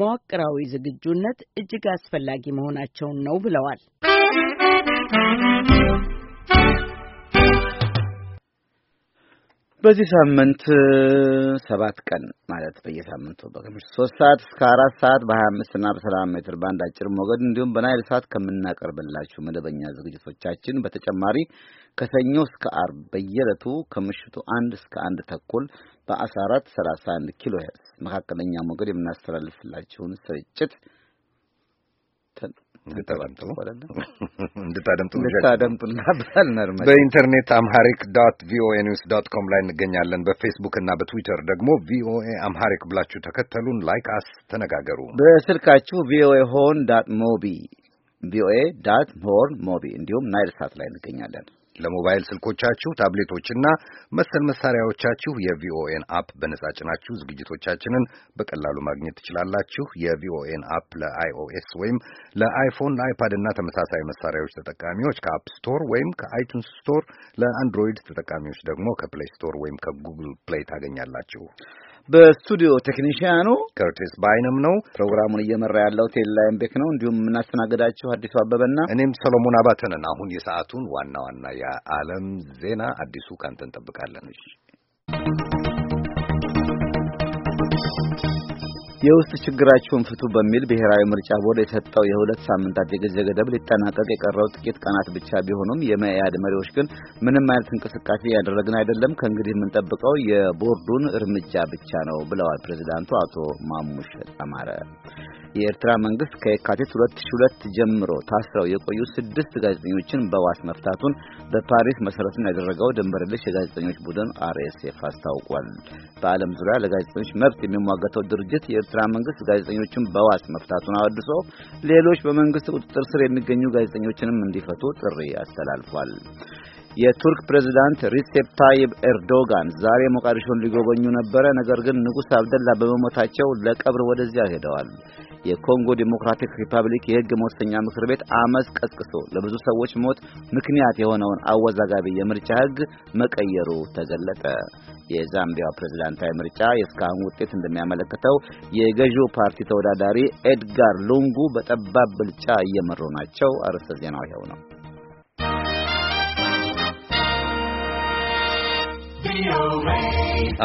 መዋቅራዊ ዝግጁነት እጅግ አስፈላጊ መሆናቸውን ነው ብለዋል። በዚህ ሳምንት ሰባት ቀን ማለት በየሳምንቱ በምሽት ሶስት ሰዓት እስከ አራት ሰዓት በሀያ አምስት እና በሰላሳ ሜትር ባንድ አጭር ሞገድ እንዲሁም በናይል ሰዓት ከምናቀርብላችሁ መደበኛ ዝግጅቶቻችን በተጨማሪ ከሰኞ እስከ አርብ በየዕለቱ ከምሽቱ አንድ እስከ አንድ ተኩል በአስራ አራት ሰላሳ አንድ ኪሎ ሄርስ መካከለኛ ሞገድ የምናስተላልፍላችሁን ስርጭት እንድታደምጡ በኢንተርኔት አምሃሪክ ዶት ቪኦኤ ኒውስ ዶት ኮም ላይ እንገኛለን። በፌስቡክ እና በትዊተር ደግሞ ቪኦኤ አምሃሪክ ብላችሁ ተከተሉን፣ ላይክ አስ፣ ተነጋገሩ። በስልካችሁ ቪኦኤ ሆን ዳት ሞቢ ቪኦኤ ዳት ሆርን ሞቢ እንዲሁም ናይል ሳት ላይ እንገኛለን። ለሞባይል ስልኮቻችሁ ታብሌቶችና መሰል መሳሪያዎቻችሁ የቪኦኤን አፕ በነጻ ጭናችሁ ዝግጅቶቻችንን በቀላሉ ማግኘት ትችላላችሁ። የቪኦኤን አፕ ለአይኦኤስ ወይም ለአይፎን፣ ለአይፓድ እና ተመሳሳይ መሳሪያዎች ተጠቃሚዎች ከአፕ ስቶር ወይም ከአይቱንስ ስቶር፣ ለአንድሮይድ ተጠቃሚዎች ደግሞ ከፕሌይ ስቶር ወይም ከጉግል ፕሌይ ታገኛላችሁ። በስቱዲዮ ቴክኒሽያኑ ከርቲስ ባይንም ነው። ፕሮግራሙን እየመራ ያለው ቤክ ነው። እንዲሁም የምናስተናግዳችሁ አዲሱ አበበና እኔም ሰሎሞን አባተንን። አሁን የሰዓቱን ዋና ዋና የዓለም ዜና አዲሱ ካንተ እንጠብቃለን። የውስጥ ችግራችሁን ፍቱ በሚል ብሔራዊ ምርጫ ቦርድ የሰጠው የሁለት ሳምንታት የጊዜ ገደብ ሊጠናቀቅ የቀረው ጥቂት ቀናት ብቻ ቢሆኑም የመኢአድ መሪዎች ግን ምንም አይነት እንቅስቃሴ ያደረግን አይደለም፣ ከእንግዲህ የምንጠብቀው የቦርዱን እርምጃ ብቻ ነው ብለዋል ፕሬዚዳንቱ አቶ ማሙሽ ተማረ። የኤርትራ መንግስት ከየካቲት 2002 ጀምሮ ታስረው የቆዩ ስድስት ጋዜጠኞችን በዋስ መፍታቱን በፓሪስ መሰረቱን ያደረገው ድንበር የለሽ የጋዜጠኞች ቡድን አርኤስኤፍ አስታውቋል። በዓለም ዙሪያ ለጋዜጠኞች መብት የሚሟገተው ድርጅት የኤርትራ መንግስት ጋዜጠኞችን በዋስ መፍታቱን አወድሶ ሌሎች በመንግስት ቁጥጥር ስር የሚገኙ ጋዜጠኞችንም እንዲፈቱ ጥሪ አስተላልፏል። የቱርክ ፕሬዝዳንት ሪሴፕ ታይብ ኤርዶጋን ዛሬ ሞቃዲሾን ሊጎበኙ ነበረ። ነገር ግን ንጉሥ አብደላ በመሞታቸው ለቀብር ወደዚያ ሄደዋል። የኮንጎ ዲሞክራቲክ ሪፐብሊክ የሕግ መወሰኛ ምክር ቤት አመፅ ቀስቅሶ ለብዙ ሰዎች ሞት ምክንያት የሆነውን አወዛጋቢ የምርጫ ሕግ መቀየሩ ተገለጠ። የዛምቢያ ፕሬዝዳንታዊ ምርጫ የእስካሁን ውጤት እንደሚያመለክተው የገዢው ፓርቲ ተወዳዳሪ ኤድጋር ሉንጉ በጠባብ ብልጫ እየመሩ ናቸው። አርዕስተ ዜናው ይኸው ነው።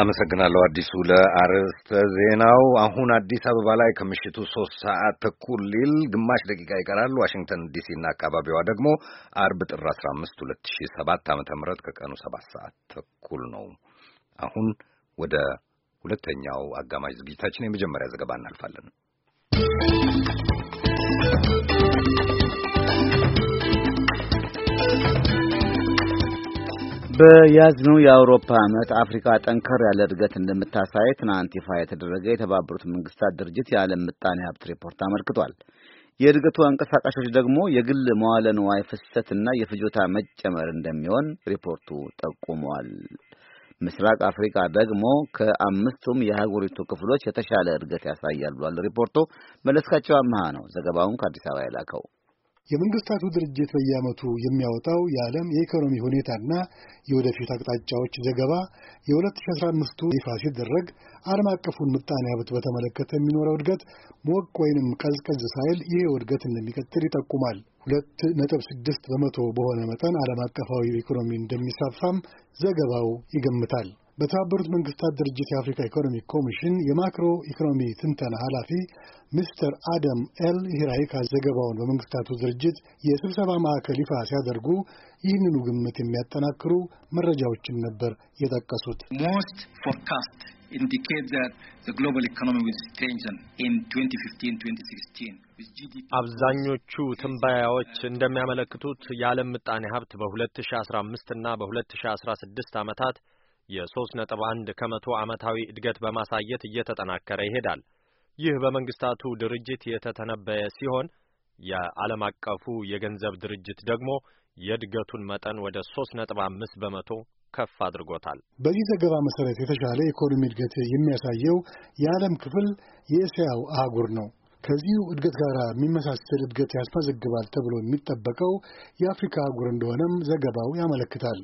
አመሰግናለሁ አዲሱ ለአርዕስተ ዜናው። አሁን አዲስ አበባ ላይ ከምሽቱ ሶስት ሰዓት ተኩል ሊል ግማሽ ደቂቃ ይቀራል። ዋሽንግተን ዲሲ እና አካባቢዋ ደግሞ አርብ ጥር ዓ.ም ከቀኑ ሰባት ሰዓት ተኩል ነው። አሁን ወደ ሁለተኛው አጋማሽ ዝግጅታችን የመጀመሪያ ዘገባ እናልፋለን። በያዝነው የአውሮፓ ዓመት አፍሪካ ጠንከር ያለ እድገት እንደምታሳይ ትናንት ይፋ የተደረገ የተባበሩት መንግስታት ድርጅት የዓለም ምጣኔ ሀብት ሪፖርት አመልክቷል። የእድገቱ አንቀሳቃሾች ደግሞ የግል መዋለ ንዋይ ፍሰትና የፍጆታ መጨመር እንደሚሆን ሪፖርቱ ጠቁመዋል። ምስራቅ አፍሪካ ደግሞ ከአምስቱም የሀገሪቱ ክፍሎች የተሻለ እድገት ያሳያል ብሏል ሪፖርቱ። መለስካቸው አመሃ ነው ዘገባውን ከአዲስ አበባ የላከው። የመንግስታቱ ድርጅት በየዓመቱ የሚያወጣው የዓለም የኢኮኖሚ ሁኔታና የወደፊት አቅጣጫዎች ዘገባ የ2015ቱ ይፋ ሲደረግ ዓለም አቀፉን ምጣኔ ሀብት በተመለከተ የሚኖረው እድገት ሞቅ ወይንም ቀዝቀዝ ሳይል ይሄው እድገት እንደሚቀጥል ይጠቁማል። ሁለት ነጥብ ስድስት በመቶ በሆነ መጠን ዓለም አቀፋዊ ኢኮኖሚ እንደሚሳፋም ዘገባው ይገምታል። በተባበሩት መንግስታት ድርጅት የአፍሪካ ኢኮኖሚክ ኮሚሽን የማክሮ ኢኮኖሚ ትንተና ኃላፊ ሚስተር አደም ኤል ሂራይካ ዘገባውን በመንግስታቱ ድርጅት የስብሰባ ማዕከል ይፋ ሲያደርጉ ይህንኑ ግምት የሚያጠናክሩ መረጃዎችን ነበር የጠቀሱት። ሞስት ፎርካስት ኢንዲኬት ዘ ግሎባል ኢኮኖሚ ዊል ስትሬንግዘን ኢን 2015 2016 አብዛኞቹ ትንበያዎች እንደሚያመለክቱት የዓለም ምጣኔ ሀብት በ2015 እና በ2016 ዓመታት የ3.1 ከመቶ ዓመታዊ እድገት በማሳየት እየተጠናከረ ይሄዳል። ይህ በመንግስታቱ ድርጅት የተተነበየ ሲሆን የዓለም አቀፉ የገንዘብ ድርጅት ደግሞ የእድገቱን መጠን ወደ 3.5 በመቶ ከፍ አድርጎታል። በዚህ ዘገባ መሰረት የተሻለ ኢኮኖሚ እድገት የሚያሳየው የዓለም ክፍል የእስያው አህጉር ነው። ከዚሁ እድገት ጋር የሚመሳሰል እድገት ያስመዘግባል ተብሎ የሚጠበቀው የአፍሪካ አህጉር እንደሆነም ዘገባው ያመለክታል።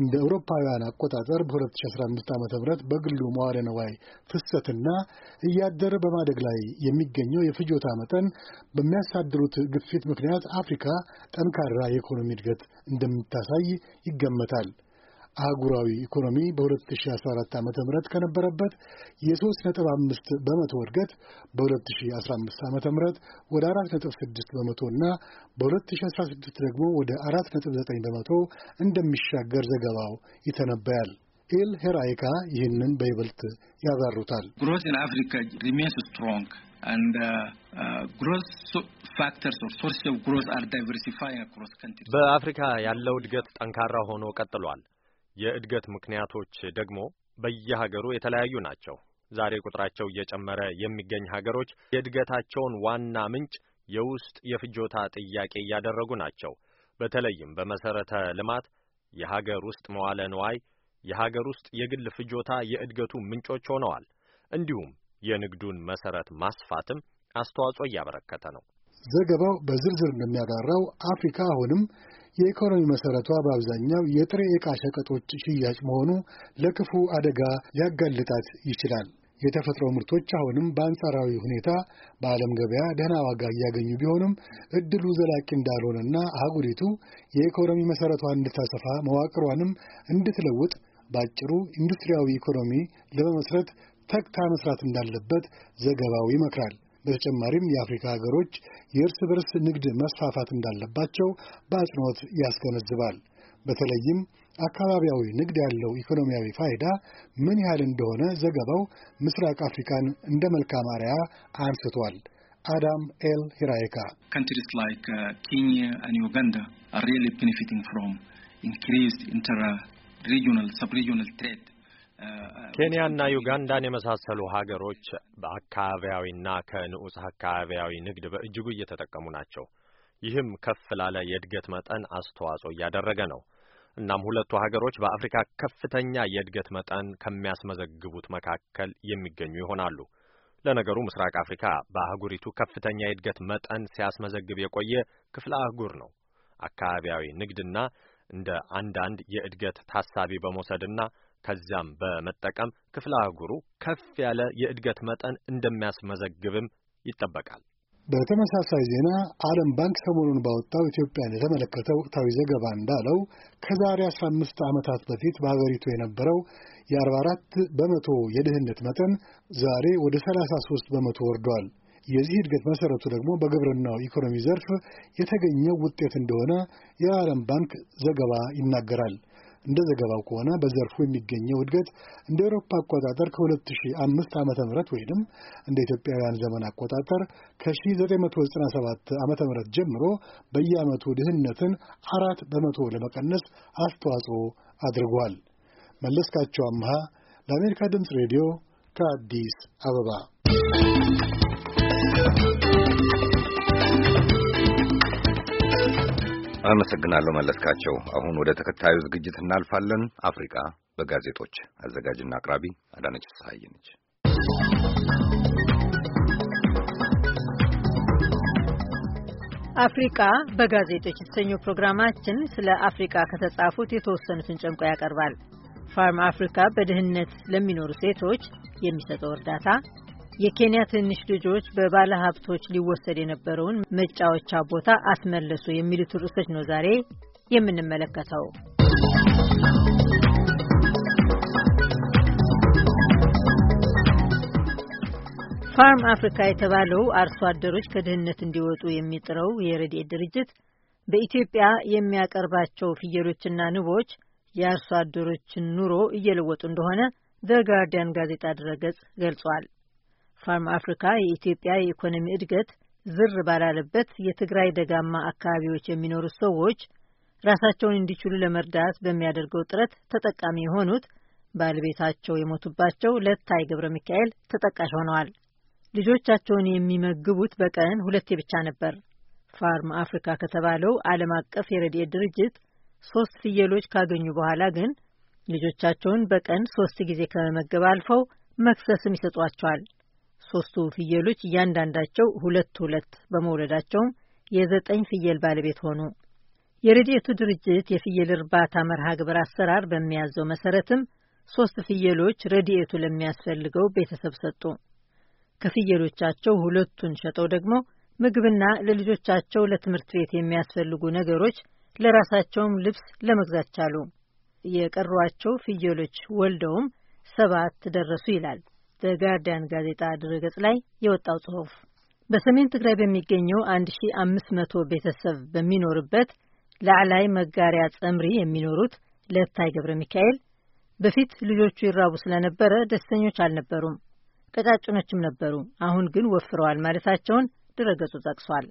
እንደ አውሮፓውያን አቆጣጠር በ2015 ዓ ም በግሉ መዋለ ነዋይ ፍሰትና እያደረ በማደግ ላይ የሚገኘው የፍጆታ መጠን በሚያሳድሩት ግፊት ምክንያት አፍሪካ ጠንካራ የኢኮኖሚ እድገት እንደምታሳይ ይገመታል። አህጉራዊ ኢኮኖሚ በ2014 ዓ ም ከነበረበት የ3.5 በመቶ እድገት በ2015 ዓ ም ወደ 4.6 በመቶ እና በ2016 ደግሞ ወደ 4.9 በመቶ እንደሚሻገር ዘገባው ይተነበያል። ኤል ሄራይካ ይህንን በይበልጥ ያብራሩታል። ግሮዝ ኢን አፍሪካ ሪሜንስ ስትሮንግ በአፍሪካ ያለው እድገት ጠንካራ ሆኖ ቀጥሏል። የእድገት ምክንያቶች ደግሞ በየሀገሩ የተለያዩ ናቸው። ዛሬ ቁጥራቸው እየጨመረ የሚገኝ ሀገሮች የእድገታቸውን ዋና ምንጭ የውስጥ የፍጆታ ጥያቄ እያደረጉ ናቸው። በተለይም በመሰረተ ልማት፣ የሀገር ውስጥ መዋለ ንዋይ፣ የሀገር ውስጥ የግል ፍጆታ የእድገቱ ምንጮች ሆነዋል። እንዲሁም የንግዱን መሰረት ማስፋትም አስተዋጽኦ እያበረከተ ነው። ዘገባው በዝርዝር እንደሚያጋራው አፍሪካ አሁንም የኢኮኖሚ መሠረቷ በአብዛኛው የጥሬ ዕቃ ሸቀጦች ሽያጭ መሆኑ ለክፉ አደጋ ሊያጋልጣት ይችላል። የተፈጥሮ ምርቶች አሁንም በአንጻራዊ ሁኔታ በዓለም ገበያ ደህና ዋጋ እያገኙ ቢሆንም እድሉ ዘላቂ እንዳልሆነና አህጉሪቱ የኢኮኖሚ መሠረቷን እንድታሰፋ መዋቅሯንም እንድትለውጥ ባጭሩ ኢንዱስትሪያዊ ኢኮኖሚ ለመመስረት ተግታ መስራት እንዳለበት ዘገባው ይመክራል። በተጨማሪም የአፍሪካ ሀገሮች የእርስ በርስ ንግድ መስፋፋት እንዳለባቸው በአጽንኦት ያስገነዝባል። በተለይም አካባቢያዊ ንግድ ያለው ኢኮኖሚያዊ ፋይዳ ምን ያህል እንደሆነ ዘገባው ምስራቅ አፍሪካን እንደ መልካም አርያ አንስቷል። አዳም ኤል ሂራይካ ካንትሪስ ላይክ ኬንያ አንድ ዩጋንዳ አር ሪሊ ቤኔፊቲንግ ፍሮም ኢንክሪዝድ ኢንተር ሪጂናል ሰብ ሪጂናል ትሬድ ኬንያና ዩጋንዳን የመሳሰሉ ሀገሮች በአካባቢያዊና ከንዑስ አካባቢያዊ ንግድ በእጅጉ እየተጠቀሙ ናቸው። ይህም ከፍ ላለ የእድገት መጠን አስተዋጽኦ እያደረገ ነው። እናም ሁለቱ ሀገሮች በአፍሪካ ከፍተኛ የእድገት መጠን ከሚያስመዘግቡት መካከል የሚገኙ ይሆናሉ። ለነገሩ ምስራቅ አፍሪካ በአህጉሪቱ ከፍተኛ የእድገት መጠን ሲያስመዘግብ የቆየ ክፍለ አህጉር ነው። አካባቢያዊ ንግድና እንደ አንዳንድ የእድገት ታሳቢ በመውሰድና ከዚያም በመጠቀም ክፍለ አህጉሩ ከፍ ያለ የእድገት መጠን እንደሚያስመዘግብም ይጠበቃል። በተመሳሳይ ዜና ዓለም ባንክ ሰሞኑን ባወጣው ኢትዮጵያን የተመለከተ ወቅታዊ ዘገባ እንዳለው ከዛሬ 15 ዓመታት በፊት በሀገሪቱ የነበረው የ44 በመቶ የድህነት መጠን ዛሬ ወደ 33 በመቶ ወርዷል። የዚህ እድገት መሰረቱ ደግሞ በግብርናው ኢኮኖሚ ዘርፍ የተገኘው ውጤት እንደሆነ የዓለም ባንክ ዘገባ ይናገራል። እንደ ዘገባው ከሆነ በዘርፉ የሚገኘው እድገት እንደ ኤሮፓ አቆጣጠር ከ2005 ዓ ም ወይም እንደ ኢትዮጵያውያን ዘመን አቆጣጠር ከ1997 ዓ ም ጀምሮ በየዓመቱ ድህነትን አራት በመቶ ለመቀነስ አስተዋጽኦ አድርጓል። መለስካቸው አምሃ ለአሜሪካ ድምፅ ሬዲዮ ከአዲስ አበባ አመሰግናለሁ መለስካቸው። አሁን ወደ ተከታዩ ዝግጅት እናልፋለን። አፍሪካ በጋዜጦች አዘጋጅና አቅራቢ አዳነች ፀሐይ ነች። አፍሪካ በጋዜጦች የተሰኘው ፕሮግራማችን ስለ አፍሪካ ከተጻፉት የተወሰኑትን ጨምቆ ያቀርባል። ፋርም አፍሪካ በድህነት ለሚኖሩ ሴቶች የሚሰጠው እርዳታ፣ የኬንያ ትንሽ ልጆች በባለ ሀብቶች ሊወሰድ የነበረውን መጫወቻ ቦታ አስመለሱ የሚሉት ርዕሶች ነው ዛሬ የምንመለከተው። ፋርም አፍሪካ የተባለው አርሶ አደሮች ከድህነት እንዲወጡ የሚጥረው የረድኤት ድርጅት በኢትዮጵያ የሚያቀርባቸው ፍየሎችና ንቦች የአርሶ አደሮችን ኑሮ እየለወጡ እንደሆነ ዘ ጋርዲያን ጋዜጣ ድረገጽ ገልጿል። ፋርም አፍሪካ የኢትዮጵያ የኢኮኖሚ እድገት ዝር ባላለበት የትግራይ ደጋማ አካባቢዎች የሚኖሩ ሰዎች ራሳቸውን እንዲችሉ ለመርዳት በሚያደርገው ጥረት ተጠቃሚ የሆኑት ባለቤታቸው የሞቱባቸው ለታይ ገብረ ሚካኤል ተጠቃሽ ሆነዋል። ልጆቻቸውን የሚመግቡት በቀን ሁለቴ ብቻ ነበር። ፋርም አፍሪካ ከተባለው ዓለም አቀፍ የረድኤት ድርጅት ሶስት ፍየሎች ካገኙ በኋላ ግን ልጆቻቸውን በቀን ሶስት ጊዜ ከመመገብ አልፈው መክሰስም ይሰጧቸዋል። ሶስቱ ፍየሎች እያንዳንዳቸው ሁለት ሁለት በመውለዳቸውም የዘጠኝ ፍየል ባለቤት ሆኑ። የረድኤቱ ድርጅት የፍየል እርባታ መርሃ ግብር አሰራር በሚያዘው መሰረትም ሶስት ፍየሎች ረድኤቱ ለሚያስፈልገው ቤተሰብ ሰጡ። ከፍየሎቻቸው ሁለቱን ሸጠው ደግሞ ምግብና ለልጆቻቸው ለትምህርት ቤት የሚያስፈልጉ ነገሮች ለራሳቸውም ልብስ ለመግዛት ቻሉ። የቀሯቸው ፍየሎች ወልደውም ሰባት ደረሱ ይላል። በጋርዲያን ጋዜጣ ድረገጽ ላይ የወጣው ጽሑፍ በሰሜን ትግራይ በሚገኘው 1500 ቤተሰብ በሚኖርበት ላዕላይ መጋሪያ ጸምሪ የሚኖሩት ለታይ ገብረ ሚካኤል በፊት ልጆቹ ይራቡ ስለነበረ ደስተኞች አልነበሩም፣ ቀጫጭኖችም ነበሩ፣ አሁን ግን ወፍረዋል ማለታቸውን ድረገጹ ጠቅሷል።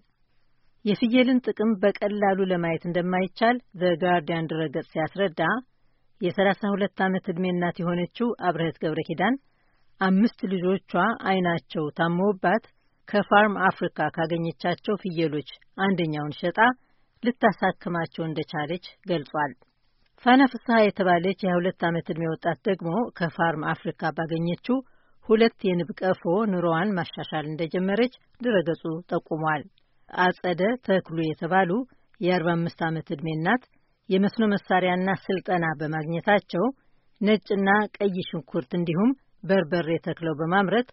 የፍየልን ጥቅም በቀላሉ ለማየት እንደማይቻል በጋርዲያን ድረገጽ ሲያስረዳ የ32 ዓመት ዕድሜ እናት የሆነችው አብረህት ገብረ ኪዳን አምስት ልጆቿ አይናቸው ታመውባት ከፋርም አፍሪካ ካገኘቻቸው ፍየሎች አንደኛውን ሸጣ ልታሳክማቸው እንደቻለች ገልጿል። ፋና ፍስሐ የተባለች የሁለት ዓመት ዕድሜ ወጣት ደግሞ ከፋርም አፍሪካ ባገኘችው ሁለት የንብ ቀፎ ኑሮዋን ማሻሻል እንደጀመረች ድረገጹ ጠቁሟል። አጸደ ተክሉ የተባሉ የ45 ዓመት ዕድሜ እናት የመስኖ መሳሪያና ስልጠና በማግኘታቸው ነጭና ቀይ ሽንኩርት እንዲሁም በርበሬ ተክለው በማምረት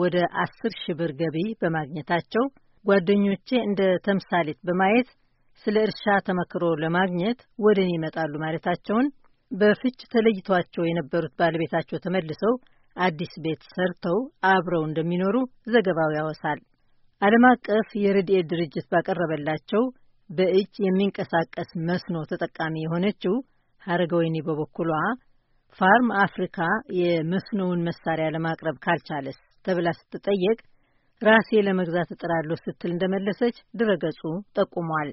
ወደ አስር ሺህ ብር ገቢ በማግኘታቸው ጓደኞቼ እንደ ተምሳሌት በማየት ስለ እርሻ ተመክሮ ለማግኘት ወደ እኔ ይመጣሉ ማለታቸውን፣ በፍች ተለይቷቸው የነበሩት ባለቤታቸው ተመልሰው አዲስ ቤት ሰርተው አብረው እንደሚኖሩ ዘገባው ያወሳል። ዓለም አቀፍ የረድኤት ድርጅት ባቀረበላቸው በእጅ የሚንቀሳቀስ መስኖ ተጠቃሚ የሆነችው ሀረገወይኒ በበኩሏ ፋርም አፍሪካ የመስኖውን መሳሪያ ለማቅረብ ካልቻለስ ተብላ ስትጠየቅ ራሴ ለመግዛት እጥራለሁ ስትል እንደመለሰች ድረገጹ ጠቁሟል።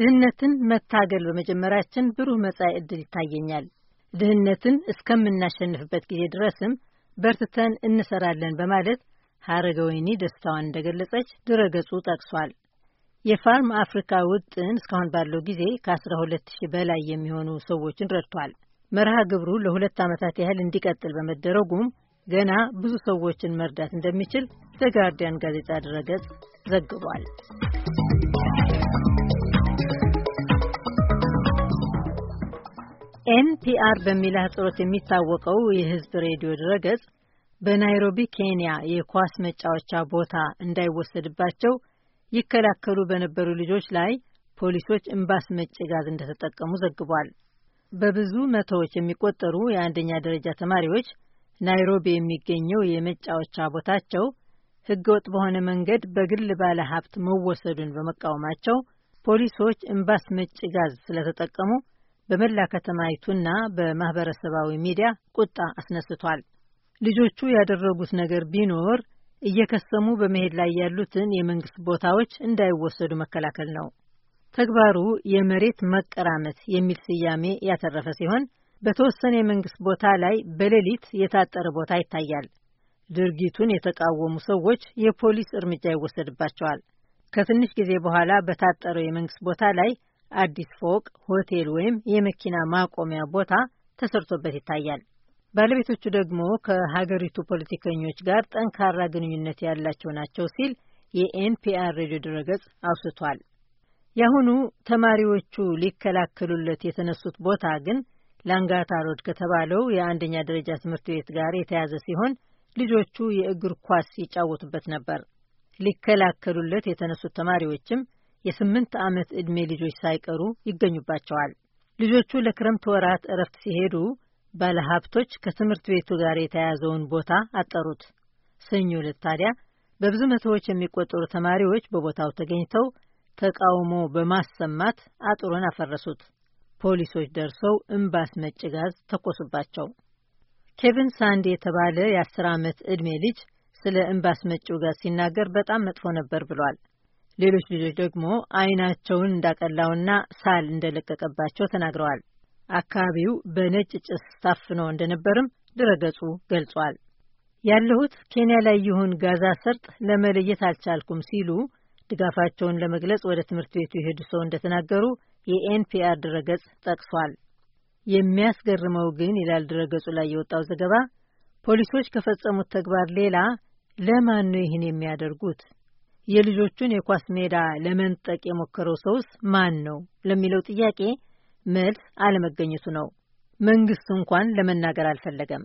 ድህነትን መታገል በመጀመራችን ብሩህ መጻኢ ዕድል ይታየኛል። ድህነትን እስከምናሸንፍበት ጊዜ ድረስም በርትተን እንሰራለን በማለት ሀረገ ወይኒ ደስታዋን እንደገለጸች ድረገጹ ጠቅሷል። የፋርም አፍሪካ ውጥን እስካሁን ባለው ጊዜ ከ12 ሺህ በላይ የሚሆኑ ሰዎችን ረድቷል። መርሃ ግብሩ ለሁለት ዓመታት ያህል እንዲቀጥል በመደረጉም ገና ብዙ ሰዎችን መርዳት እንደሚችል ዘጋርዲያን ጋዜጣ ድረገጽ ዘግቧል። ኤንፒአር በሚል አህጽሮት የሚታወቀው የህዝብ ሬዲዮ ድረገጽ በናይሮቢ ኬንያ የኳስ መጫወቻ ቦታ እንዳይወሰድባቸው ይከላከሉ በነበሩ ልጆች ላይ ፖሊሶች እምባስ መጭ ጋዝ እንደተጠቀሙ ዘግቧል። በብዙ መቶዎች የሚቆጠሩ የአንደኛ ደረጃ ተማሪዎች ናይሮቢ የሚገኘው የመጫወቻ ቦታቸው ህገወጥ በሆነ መንገድ በግል ባለ ሀብት መወሰዱን በመቃወማቸው ፖሊሶች እምባስ መጭ ጋዝ ስለተጠቀሙ በመላ ከተማይቱና በማህበረሰባዊ ሚዲያ ቁጣ አስነስቷል። ልጆቹ ያደረጉት ነገር ቢኖር እየከሰሙ በመሄድ ላይ ያሉትን የመንግስት ቦታዎች እንዳይወሰዱ መከላከል ነው። ተግባሩ የመሬት መቀራመት የሚል ስያሜ ያተረፈ ሲሆን በተወሰነ የመንግስት ቦታ ላይ በሌሊት የታጠረ ቦታ ይታያል። ድርጊቱን የተቃወሙ ሰዎች የፖሊስ እርምጃ ይወሰድባቸዋል። ከትንሽ ጊዜ በኋላ በታጠረው የመንግስት ቦታ ላይ አዲስ ፎቅ፣ ሆቴል ወይም የመኪና ማቆሚያ ቦታ ተሰርቶበት ይታያል። ባለቤቶቹ ደግሞ ከሀገሪቱ ፖለቲከኞች ጋር ጠንካራ ግንኙነት ያላቸው ናቸው ሲል የኤንፒአር ሬዲዮ ድረገጽ አውስቷል። የአሁኑ ተማሪዎቹ ሊከላከሉለት የተነሱት ቦታ ግን ላንጋታ ሮድ ከተባለው የአንደኛ ደረጃ ትምህርት ቤት ጋር የተያዘ ሲሆን ልጆቹ የእግር ኳስ ይጫወቱበት ነበር። ሊከላከሉለት የተነሱት ተማሪዎችም የስምንት ዓመት ዕድሜ ልጆች ሳይቀሩ ይገኙባቸዋል። ልጆቹ ለክረምት ወራት እረፍት ሲሄዱ ባለሀብቶች ከትምህርት ቤቱ ጋር የተያያዘውን ቦታ አጠሩት። ሰኞ ዕለት ታዲያ በብዙ መቶዎች የሚቆጠሩ ተማሪዎች በቦታው ተገኝተው ተቃውሞ በማሰማት አጥሩን አፈረሱት። ፖሊሶች ደርሰው እምባስ መጭ ጋዝ ተኮሱባቸው። ኬቪን ሳንድ የተባለ የአስር ዓመት ዕድሜ ልጅ ስለ እምባስ መጪው ጋዝ ሲናገር በጣም መጥፎ ነበር ብሏል። ሌሎች ልጆች ደግሞ አይናቸውን እንዳቀላውና ሳል እንደለቀቀባቸው ተናግረዋል። አካባቢው በነጭ ጭስ ታፍኖ እንደነበርም ድረገጹ ገልጿል። ያለሁት ኬንያ ላይ ይሁን ጋዛ ሰርጥ ለመለየት አልቻልኩም ሲሉ ድጋፋቸውን ለመግለጽ ወደ ትምህርት ቤቱ የሄዱ ሰው እንደተናገሩ የኤንፒአር ድረገጽ ጠቅሷል። የሚያስገርመው ግን ይላል ድረገጹ ላይ የወጣው ዘገባ ፖሊሶች ከፈጸሙት ተግባር ሌላ ለማን ነው ይህን የሚያደርጉት? የልጆቹን የኳስ ሜዳ ለመንጠቅ የሞከረው ሰውስ ማን ነው ለሚለው ጥያቄ መልስ አለመገኘቱ ነው። መንግስት እንኳን ለመናገር አልፈለገም።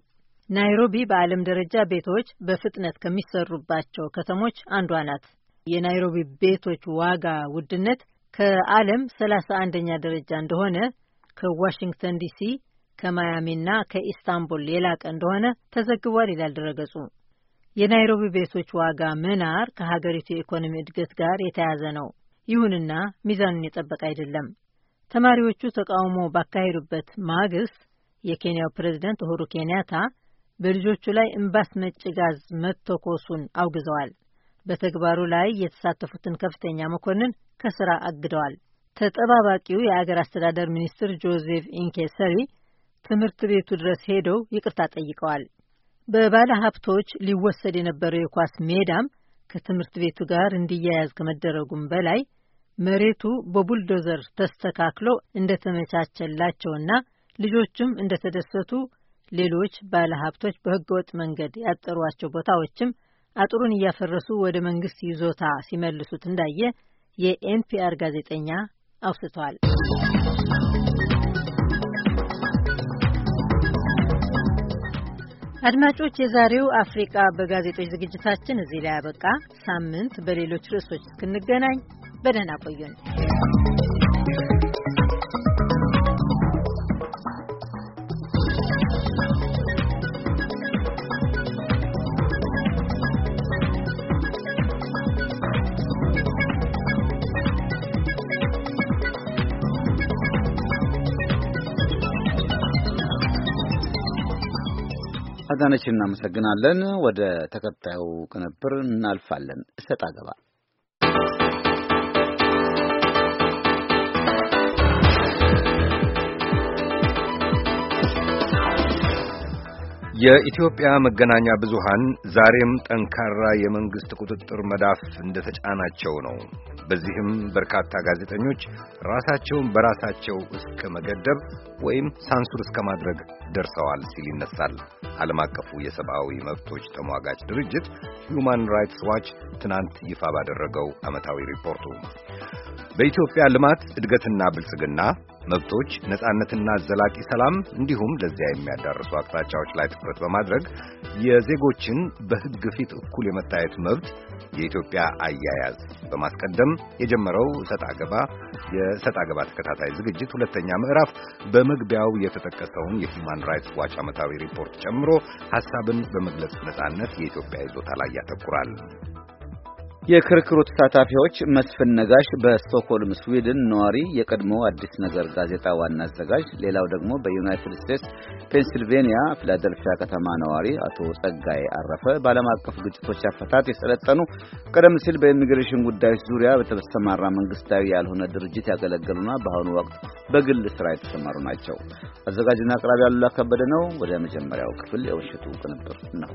ናይሮቢ በዓለም ደረጃ ቤቶች በፍጥነት ከሚሰሩባቸው ከተሞች አንዷ ናት። የናይሮቢ ቤቶች ዋጋ ውድነት ከዓለም 31 አንደኛ ደረጃ እንደሆነ ከዋሽንግተን ዲሲ ከማያሚና ከኢስታንቡል የላቀ እንደሆነ ተዘግቧል ይላል ድረገጹ። የናይሮቢ ቤቶች ዋጋ መናር ከሀገሪቱ የኢኮኖሚ እድገት ጋር የተያያዘ ነው። ይሁንና ሚዛኑን የጠበቀ አይደለም። ተማሪዎቹ ተቃውሞ ባካሄዱበት ማግስት የኬንያው ፕሬዝደንት ኡሁሩ ኬንያታ በልጆቹ ላይ እምባስ መጭ ጋዝ መተኮሱን አውግዘዋል። በተግባሩ ላይ የተሳተፉትን ከፍተኛ መኮንን ከስራ አግደዋል። ተጠባባቂው የአገር አስተዳደር ሚኒስትር ጆዜፍ ኢንኬሰሪ ትምህርት ቤቱ ድረስ ሄደው ይቅርታ ጠይቀዋል። በባለ ሀብቶች ሊወሰድ የነበረው የኳስ ሜዳም ከትምህርት ቤቱ ጋር እንዲያያዝ ከመደረጉም በላይ መሬቱ በቡልዶዘር ተስተካክሎ እንደተመቻቸላቸውና ልጆቹም እንደተደሰቱ ሌሎች ባለ ሀብቶች በህገወጥ መንገድ ያጠሯቸው ቦታዎችም አጥሩን እያፈረሱ ወደ መንግስት ይዞታ ሲመልሱት እንዳየ የኤንፒአር ጋዜጠኛ አውስቷል። አድማጮች፣ የዛሬው አፍሪቃ በጋዜጦች ዝግጅታችን እዚህ ላይ ያበቃ። ሳምንት በሌሎች ርዕሶች እስክንገናኝ በደህና ቆዩን። አዳነች እናመሰግናለን። ወደ ተከታዩ ቅንብር እናልፋለን። እሰጥ አገባ የኢትዮጵያ መገናኛ ብዙሃን ዛሬም ጠንካራ የመንግስት ቁጥጥር መዳፍ እንደተጫናቸው ነው። በዚህም በርካታ ጋዜጠኞች ራሳቸውን በራሳቸው እስከ መገደብ ወይም ሳንሱር እስከ ማድረግ ደርሰዋል ሲል ይነሳል ዓለም አቀፉ የሰብአዊ መብቶች ተሟጋች ድርጅት ሁማን ራይትስ ዋች ትናንት ይፋ ባደረገው ዓመታዊ ሪፖርቱ በኢትዮጵያ ልማት እድገትና ብልጽግና መብቶች፣ ነጻነትና ዘላቂ ሰላም እንዲሁም ለዚያ የሚያዳርሱ አቅጣጫዎች ላይ ትኩረት በማድረግ የዜጎችን በሕግ ፊት እኩል የመታየት መብት የኢትዮጵያ አያያዝ በማስቀደም የጀመረው ሰጣገባ የሰጣገባ ተከታታይ ዝግጅት ሁለተኛ ምዕራፍ በመግቢያው የተጠቀሰውን የሂውማን ራይትስ ዋች ዓመታዊ ሪፖርት ጨምሮ ሐሳብን በመግለጽ ነጻነት የኢትዮጵያ ይዞታ ላይ ያተኩራል። የክርክሩ ተሳታፊዎች መስፍን ነጋሽ በስቶክሆልም ስዊድን ነዋሪ የቀድሞ አዲስ ነገር ጋዜጣ ዋና አዘጋጅ፣ ሌላው ደግሞ በዩናይትድ ስቴትስ ፔንሲልቬንያ ፊላደልፊያ ከተማ ነዋሪ አቶ ጸጋዬ አረፈ በዓለም አቀፍ ግጭቶች አፈታት የሰለጠኑ ቀደም ሲል በኢሚግሬሽን ጉዳዮች ዙሪያ በተሰማራ መንግስታዊ ያልሆነ ድርጅት ያገለገሉና በአሁኑ ወቅት በግል ስራ የተሰማሩ ናቸው። አዘጋጅና አቅራቢ አሉላ ከበደ ነው። ወደ መጀመሪያው ክፍል የውሸቱ ቅንብር ነው።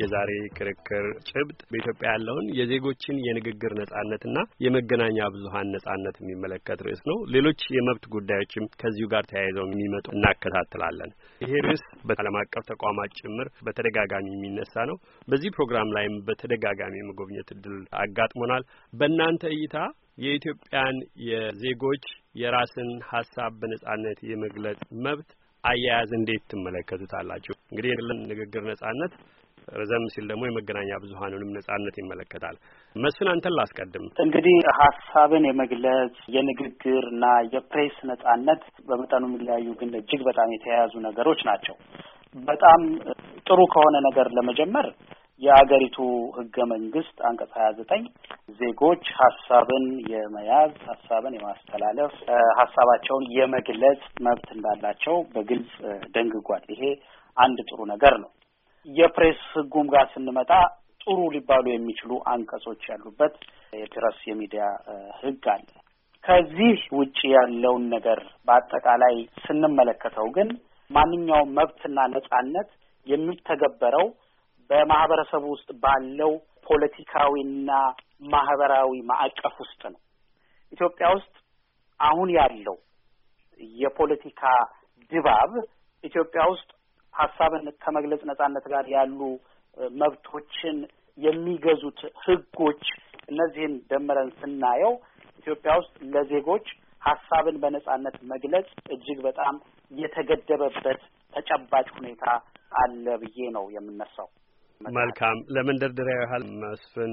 የዛሬ ክርክር ጭብጥ በኢትዮጵያ ያለውን የዜጎችን የንግግር ነጻነትና የመገናኛ ብዙሀን ነጻነት የሚመለከት ርዕስ ነው። ሌሎች የመብት ጉዳዮችም ከዚሁ ጋር ተያይዘው የሚመጡ እናከታትላለን። ይሄ ርዕስ በዓለም አቀፍ ተቋማት ጭምር በተደጋጋሚ የሚነሳ ነው። በዚህ ፕሮግራም ላይም በተደጋጋሚ የመጎብኘት እድል አጋጥሞናል። በእናንተ እይታ የኢትዮጵያን የዜጎች የራስን ሀሳብ በነጻነት የመግለጽ መብት አያያዝ እንዴት ትመለከቱታላችሁ? እንግዲህ የግል ንግግር ነጻነት ረዘም ሲል ደግሞ የመገናኛ ብዙሀኑንም ነጻነት ይመለከታል። መስፍን አንተን ላስቀድም። እንግዲህ ሀሳብን የመግለጽ የንግግር እና የፕሬስ ነጻነት በመጠኑ የሚለያዩ ግን እጅግ በጣም የተያያዙ ነገሮች ናቸው። በጣም ጥሩ ከሆነ ነገር ለመጀመር የአገሪቱ ህገ መንግስት አንቀጽ ሀያ ዘጠኝ ዜጎች ሀሳብን የመያዝ ሀሳብን የማስተላለፍ ሀሳባቸውን የመግለጽ መብት እንዳላቸው በግልጽ ደንግጓል። ይሄ አንድ ጥሩ ነገር ነው። የፕሬስ ህጉም ጋር ስንመጣ ጥሩ ሊባሉ የሚችሉ አንቀጾች ያሉበት የፕረስ የሚዲያ ህግ አለ። ከዚህ ውጭ ያለውን ነገር በአጠቃላይ ስንመለከተው ግን ማንኛውም መብትና ነጻነት የሚተገበረው በማህበረሰቡ ውስጥ ባለው ፖለቲካዊና ማህበራዊ ማዕቀፍ ውስጥ ነው። ኢትዮጵያ ውስጥ አሁን ያለው የፖለቲካ ድባብ ኢትዮጵያ ውስጥ ሀሳብን ከመግለጽ ነጻነት ጋር ያሉ መብቶችን የሚገዙት ህጎች እነዚህን ደምረን ስናየው ኢትዮጵያ ውስጥ ለዜጎች ሀሳብን በነጻነት መግለጽ እጅግ በጣም የተገደበበት ተጨባጭ ሁኔታ አለ ብዬ ነው የምነሳው። መልካም ለመንደርደሪያ ያህል መስፍን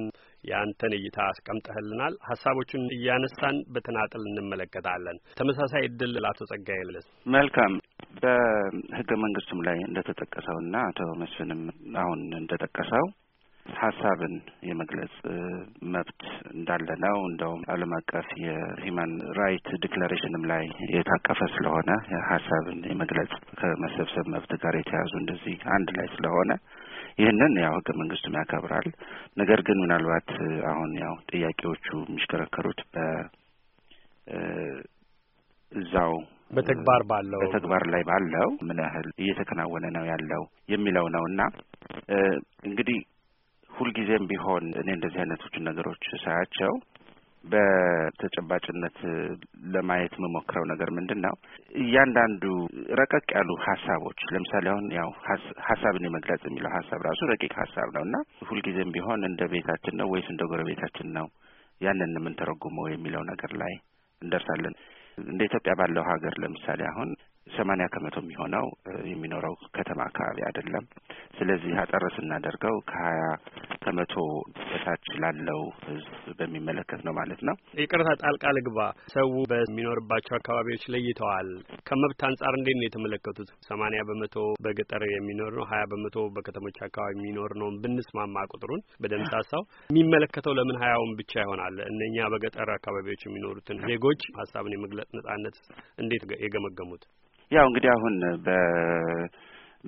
የአንተን እይታ አስቀምጠህልናል። ሀሳቦቹን እያነሳን በተናጥል እንመለከታለን። ተመሳሳይ እድል ለአቶ ጸጋዬ ልስ መልካም በህገ መንግስቱም ላይ ና አቶ መስፍንም አሁን እንደጠቀሰው ሀሳብን የመግለጽ መብት እንዳለ ነው። እንደውም ዓለም አቀፍ የሂማን ራይት ዲክላሬሽንም ላይ የታቀፈ ስለሆነ ሀሳብን የመግለጽ ከመሰብሰብ መብት ጋር የተያዙ እንደዚህ አንድ ላይ ስለሆነ ይህንን ያው ህገ መንግስቱም ያከብራል። ነገር ግን ምናልባት አሁን ያው ጥያቄዎቹ የሚሽከረከሩት በ እዛው በተግባር ባለው በተግባር ላይ ባለው ምን ያህል እየተከናወነ ነው ያለው የሚለው ነው እና እንግዲህ ሁልጊዜም ቢሆን እኔ እንደዚህ አይነቶችን ነገሮች ሳያቸው በተጨባጭነት ለማየት የምሞክረው ነገር ምንድን ነው? እያንዳንዱ ረቀቅ ያሉ ሀሳቦች ለምሳሌ አሁን ያው ሀሳብን የመግለጽ የሚለው ሀሳብ ራሱ ረቂቅ ሀሳብ ነው እና ሁልጊዜም ቢሆን እንደ ቤታችን ነው ወይስ እንደ ጎረቤታችን ነው ያንን የምንተረጉመው የሚለው ነገር ላይ እንደርሳለን። እንደ ኢትዮጵያ ባለው ሀገር ለምሳሌ አሁን ሰማንያ ከመቶ የሚሆነው የሚኖረው ከተማ አካባቢ አይደለም። ስለዚህ አጠር ስናደርገው ከሀያ ከመቶ በታች ላለው ህዝብ በሚመለከት ነው ማለት ነው። ይቅርታ ጣልቃ ልግባ። ሰው በሚኖርባቸው አካባቢዎች ለይተዋል። ከመብት አንጻር እንዴት ነው የተመለከቱት? ሰማኒያ በመቶ በገጠር የሚኖር ነው፣ ሀያ በመቶ በከተሞች አካባቢ የሚኖር ነው ብንስማማ ቁጥሩን በደምሳሳው የሚመለከተው ለምን ሀያውን ብቻ ይሆናል? እነኛ በገጠር አካባቢዎች የሚኖሩትን ዜጎች ሀሳብን የመግለጽ ነጻነት እንዴት የገመገሙት? ያው እንግዲህ አሁን በ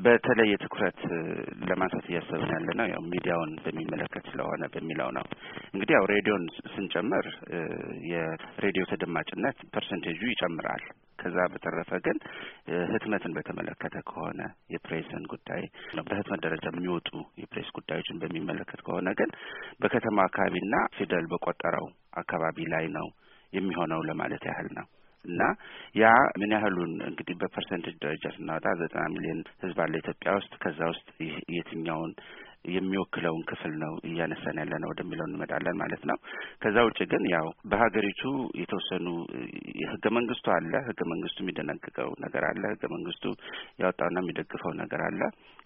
በተለየ ትኩረት ለማንሳት እያሰብን ያለ ነው ያው ሚዲያውን በሚመለከት ስለሆነ በሚለው ነው። እንግዲህ ያው ሬዲዮን ስንጨምር የሬዲዮ ተደማጭነት ፐርሰንቴጁ ይጨምራል። ከዛ በተረፈ ግን ህትመትን በተመለከተ ከሆነ የፕሬስን ጉዳይ በህትመት ደረጃ የሚወጡ የፕሬስ ጉዳዮችን በሚመለከት ከሆነ ግን በከተማ አካባቢና ፊደል በቆጠረው አካባቢ ላይ ነው የሚሆነው ለማለት ያህል ነው። እና ያ ምን ያህሉን እንግዲህ በፐርሰንቴጅ ደረጃ ስናወጣ ዘጠና ሚሊዮን ህዝብ አለ ኢትዮጵያ ውስጥ ከዛ ውስጥ የትኛውን የሚወክለውን ክፍል ነው እያነሳን ያለ ነው ወደሚለው እንመጣለን ማለት ነው። ከዛ ውጭ ግን ያው በሀገሪቱ የተወሰኑ ህገ መንግስቱ አለ። ህገ መንግስቱ የሚደነግገው ነገር አለ። ህገ መንግስቱ ያወጣውና የሚደግፈው ነገር አለ።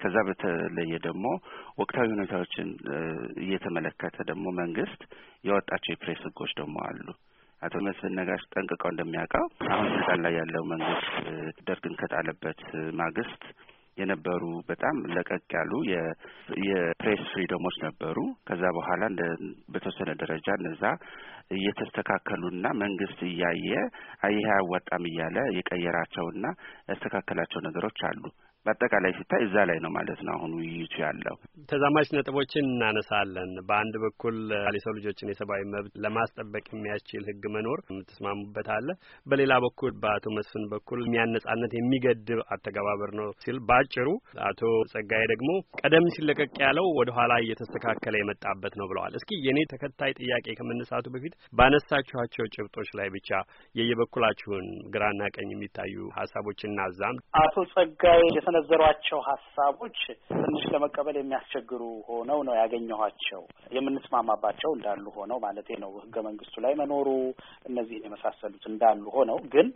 ከዛ በተለየ ደግሞ ወቅታዊ ሁኔታዎችን እየተመለከተ ደግሞ መንግስት ያወጣቸው የፕሬስ ህጎች ደግሞ አሉ። አቶ መስፍን ነጋሽ ጠንቅቀው እንደሚያውቀው አሁን ስልጣን ላይ ያለው መንግስት ደርግን ከጣለበት ማግስት የነበሩ በጣም ለቀቅ ያሉ የፕሬስ ፍሪደሞች ነበሩ። ከዛ በኋላ እንደ በተወሰነ ደረጃ እነዛ እየተስተካከሉና መንግስት እያየ አየህ አያዋጣም እያለ የቀየራቸውና ያስተካከላቸው ነገሮች አሉ። በአጠቃላይ ሲታይ እዛ ላይ ነው ማለት ነው። አሁን ውይይቱ ያለው ተዛማች ነጥቦችን እናነሳለን። በአንድ በኩል የሰው ልጆችን የሰብአዊ መብት ለማስጠበቅ የሚያስችል ህግ መኖር የምትስማሙበት አለ። በሌላ በኩል በአቶ መስፍን በኩል የሚያነጻነት የሚገድብ አተገባበር ነው ሲል በአጭሩ፣ አቶ ጸጋዬ ደግሞ ቀደም ሲል ለቀቅ ያለው ወደ ኋላ እየተስተካከለ የመጣበት ነው ብለዋል። እስኪ የኔ ተከታይ ጥያቄ ከመነሳቱ በፊት ባነሳችኋቸው ጭብጦች ላይ ብቻ የየበኩላችሁን ግራና ቀኝ የሚታዩ ሀሳቦች እናዛም አቶ ጸጋዬ የሰነዘሯቸው ሀሳቦች ትንሽ ለመቀበል የሚያስቸግሩ ሆነው ነው ያገኘኋቸው። የምንስማማባቸው እንዳሉ ሆነው ማለት ነው ህገ መንግስቱ ላይ መኖሩ እነዚህን የመሳሰሉት እንዳሉ ሆነው ግን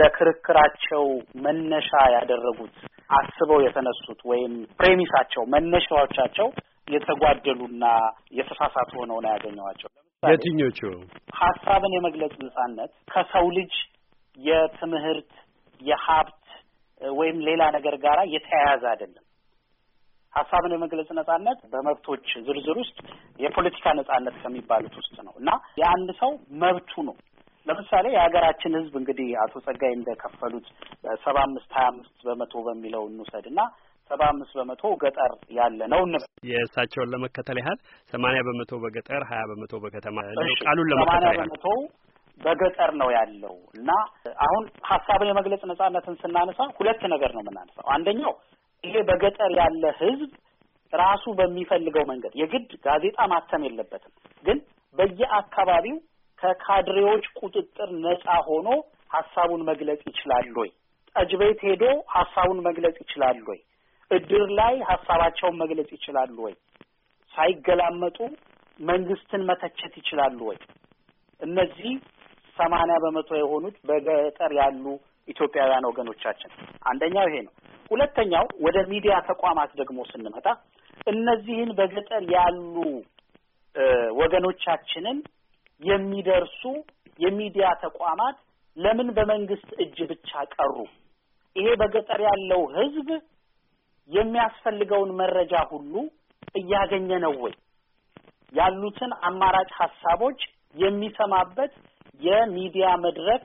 ለክርክራቸው መነሻ ያደረጉት አስበው የተነሱት ወይም ፕሬሚሳቸው መነሻዎቻቸው የተጓደሉና የተሳሳቱ ሆነው ነው ያገኘኋቸው። የትኞቹ ሀሳብን የመግለጽ ነጻነት ከሰው ልጅ የትምህርት የሀብት ወይም ሌላ ነገር ጋራ የተያያዘ አይደለም። ሀሳብን የመግለጽ ነጻነት በመብቶች ዝርዝር ውስጥ የፖለቲካ ነጻነት ከሚባሉት ውስጥ ነው እና የአንድ ሰው መብቱ ነው። ለምሳሌ የሀገራችን ሕዝብ እንግዲህ አቶ ጸጋይ እንደከፈሉት ሰባ አምስት ሀያ አምስት በመቶ በሚለው እንውሰድ እና ሰባ አምስት በመቶ ገጠር ያለ ነው እንበል። የእሳቸውን ለመከተል ያህል ሰማንያ በመቶ በገጠር ሀያ በመቶ በከተማ ቃሉን ለመከተል ያህል ሰማንያ በመቶ በገጠር ነው ያለው እና አሁን ሀሳብን የመግለጽ ነጻነትን ስናነሳ ሁለት ነገር ነው የምናነሳው። አንደኛው ይሄ በገጠር ያለ ህዝብ ራሱ በሚፈልገው መንገድ የግድ ጋዜጣ ማተም የለበትም፣ ግን በየአካባቢው ከካድሬዎች ቁጥጥር ነጻ ሆኖ ሀሳቡን መግለጽ ይችላል ወይ? ጠጅ ቤት ሄዶ ሀሳቡን መግለጽ ይችላል ወይ? እድር ላይ ሀሳባቸውን መግለጽ ይችላሉ ወይ? ሳይገላመጡ መንግስትን መተቸት ይችላሉ ወይ? እነዚህ ሰማንያ በመቶ የሆኑት በገጠር ያሉ ኢትዮጵያውያን ወገኖቻችን አንደኛው ይሄ ነው። ሁለተኛው ወደ ሚዲያ ተቋማት ደግሞ ስንመጣ እነዚህን በገጠር ያሉ ወገኖቻችንን የሚደርሱ የሚዲያ ተቋማት ለምን በመንግስት እጅ ብቻ ቀሩ? ይሄ በገጠር ያለው ህዝብ የሚያስፈልገውን መረጃ ሁሉ እያገኘ ነው ወይ? ያሉትን አማራጭ ሀሳቦች የሚሰማበት የሚዲያ መድረክ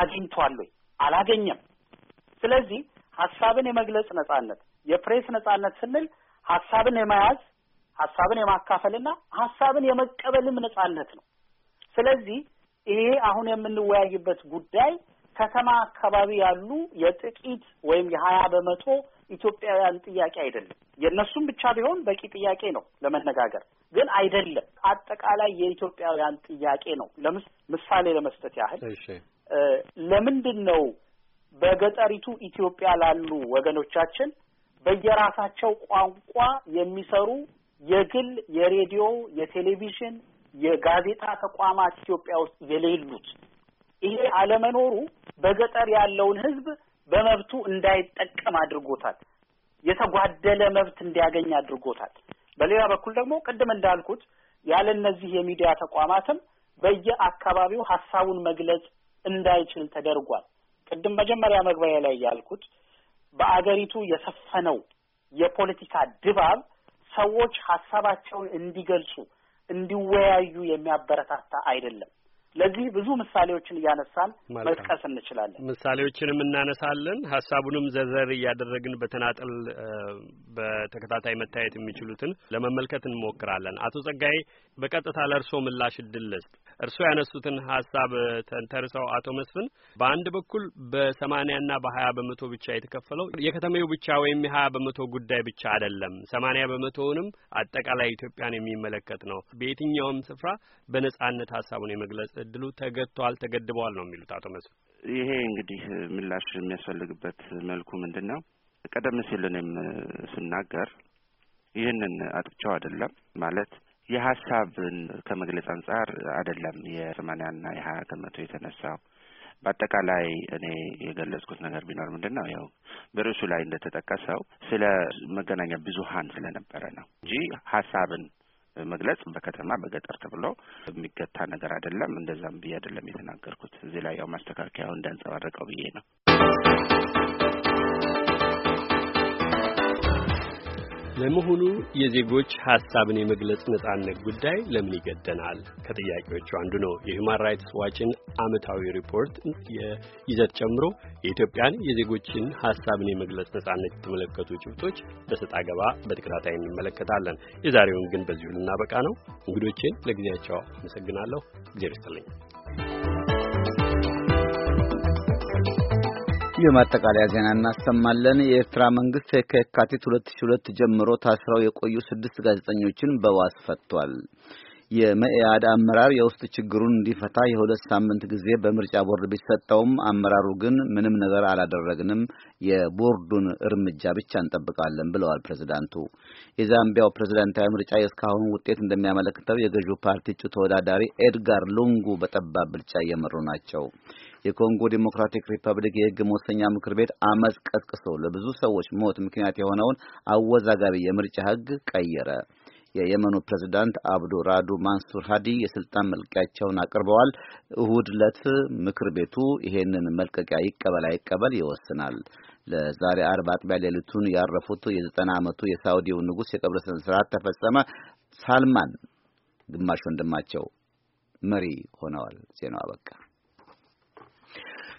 አግኝቷል ወይ? አላገኘም። ስለዚህ ሀሳብን የመግለጽ ነጻነት፣ የፕሬስ ነጻነት ስንል ሀሳብን የመያዝ ሀሳብን የማካፈልና ሀሳብን የመቀበልም ነጻነት ነው። ስለዚህ ይሄ አሁን የምንወያይበት ጉዳይ ከተማ አካባቢ ያሉ የጥቂት ወይም የሀያ በመቶ ኢትዮጵያውያን ጥያቄ አይደለም። የእነሱም ብቻ ቢሆን በቂ ጥያቄ ነው ለመነጋገር፣ ግን አይደለም። አጠቃላይ የኢትዮጵያውያን ጥያቄ ነው። ምሳሌ ለመስጠት ያህል ለምንድን ነው በገጠሪቱ ኢትዮጵያ ላሉ ወገኖቻችን በየራሳቸው ቋንቋ የሚሰሩ የግል የሬዲዮ፣ የቴሌቪዥን፣ የጋዜጣ ተቋማት ኢትዮጵያ ውስጥ የሌሉት? ይሄ አለመኖሩ በገጠር ያለውን ሕዝብ በመብቱ እንዳይጠቀም አድርጎታል። የተጓደለ መብት እንዲያገኝ አድርጎታል። በሌላ በኩል ደግሞ ቅድም እንዳልኩት ያለ እነዚህ የሚዲያ ተቋማትም በየአካባቢው ሀሳቡን መግለጽ እንዳይችል ተደርጓል። ቅድም መጀመሪያ መግቢያ ላይ ያልኩት በአገሪቱ የሰፈነው የፖለቲካ ድባብ ሰዎች ሀሳባቸውን እንዲገልጹ፣ እንዲወያዩ የሚያበረታታ አይደለም። ለዚህ ብዙ ምሳሌዎችን እያነሳን መጥቀስ እንችላለን። ምሳሌዎችንም እናነሳለን። ሀሳቡንም ዘርዘር እያደረግን በተናጠል በተከታታይ መታየት የሚችሉትን ለመመልከት እንሞክራለን። አቶ ጸጋዬ በቀጥታ ለእርሶ ምላሽ እድል ልስጥ። እርስዎ ያነሱትን ሀሳብ ተንተርሰው አቶ መስፍን በአንድ በኩል በሰማኒያና በሀያ በመቶ ብቻ የተከፈለው የከተማው ብቻ ወይም የሀያ በመቶ ጉዳይ ብቻ አይደለም። ሰማኒያ በመቶውንም አጠቃላይ ኢትዮጵያን የሚመለከት ነው። በየትኛውም ስፍራ በነጻነት ሀሳቡን የመግለጽ እድሉ ተገጥቷል፣ ተገድበዋል ነው የሚሉት አቶ መስፍን። ይሄ እንግዲህ ምላሽ የሚያስፈልግበት መልኩ ምንድን ነው? ቀደም ሲል እኔም ስናገር ይህንን አጥቻው አይደለም ማለት የሀሳብን ከመግለጽ አንጻር አይደለም የሰማንያና የሀያ ከመቶ የተነሳው። በአጠቃላይ እኔ የገለጽኩት ነገር ቢኖር ምንድን ነው ያው በርዕሱ ላይ እንደተጠቀሰው ስለ መገናኛ ብዙሀን ስለነበረ ነው እንጂ ሀሳብን መግለጽ በከተማ በገጠር ተብሎ የሚገታ ነገር አይደለም። እንደዛም ብዬ አይደለም የተናገርኩት። እዚህ ላይ ያው ማስተካከያው እንዳንጸባረቀው ብዬ ነው። ለመሆኑ የዜጎች ሀሳብን የመግለጽ ነጻነት ጉዳይ ለምን ይገደናል? ከጥያቄዎቹ አንዱ ነው። የሁማን ራይትስ ዋችን ዓመታዊ ሪፖርት ይዘት ጨምሮ የኢትዮጵያን የዜጎችን ሀሳብን የመግለጽ ነጻነት የተመለከቱ ጭብጦች በሰጣ ገባ በተከታታይ እንመለከታለን። የዛሬውን ግን በዚሁ ልናበቃ ነው። እንግዶቼን ለጊዜያቸው አመሰግናለሁ። እግዜር ይስጥልኝ። የማጠቃለያ ዜና እናሰማለን። የኤርትራ መንግስት ከየካቲት 2002 ጀምሮ ታስረው የቆዩ ስድስት ጋዜጠኞችን በዋስ ፈቷል። የመኢአድ አመራር የውስጥ ችግሩን እንዲፈታ የሁለት ሳምንት ጊዜ በምርጫ ቦርድ ቢሰጠውም አመራሩ ግን ምንም ነገር አላደረግንም፣ የቦርዱን እርምጃ ብቻ እንጠብቃለን ብለዋል ፕሬዚዳንቱ። የዛምቢያው ፕሬዚዳንታዊ ምርጫ የእስካሁኑ ውጤት እንደሚያመለክተው የገዢው ፓርቲ እጩ ተወዳዳሪ ኤድጋር ሉንጉ በጠባብ ብልጫ እየመሩ ናቸው። የኮንጎ ዴሞክራቲክ ሪፐብሊክ የህግ መወሰኛ ምክር ቤት አመፅ ቀስቅሶ ለብዙ ሰዎች ሞት ምክንያት የሆነውን አወዛጋቢ የምርጫ ህግ ቀየረ። የየመኑ ፕሬዝዳንት አብዱ ራዱ ማንሱር ሀዲ የስልጣን መልቀቂያቸውን አቅርበዋል። እሁድ ዕለት ምክር ቤቱ ይሄንን መልቀቂያ ይቀበል አይቀበል ይወስናል። ለዛሬ አርብ አጥቢያ ሌሊቱን ያረፉት የዘጠና ዓመቱ የሳውዲው ንጉሥ የቀብር ስነ ስርዓት ተፈጸመ። ሳልማን ግማሽ ወንድማቸው መሪ ሆነዋል። ዜናው አበቃ።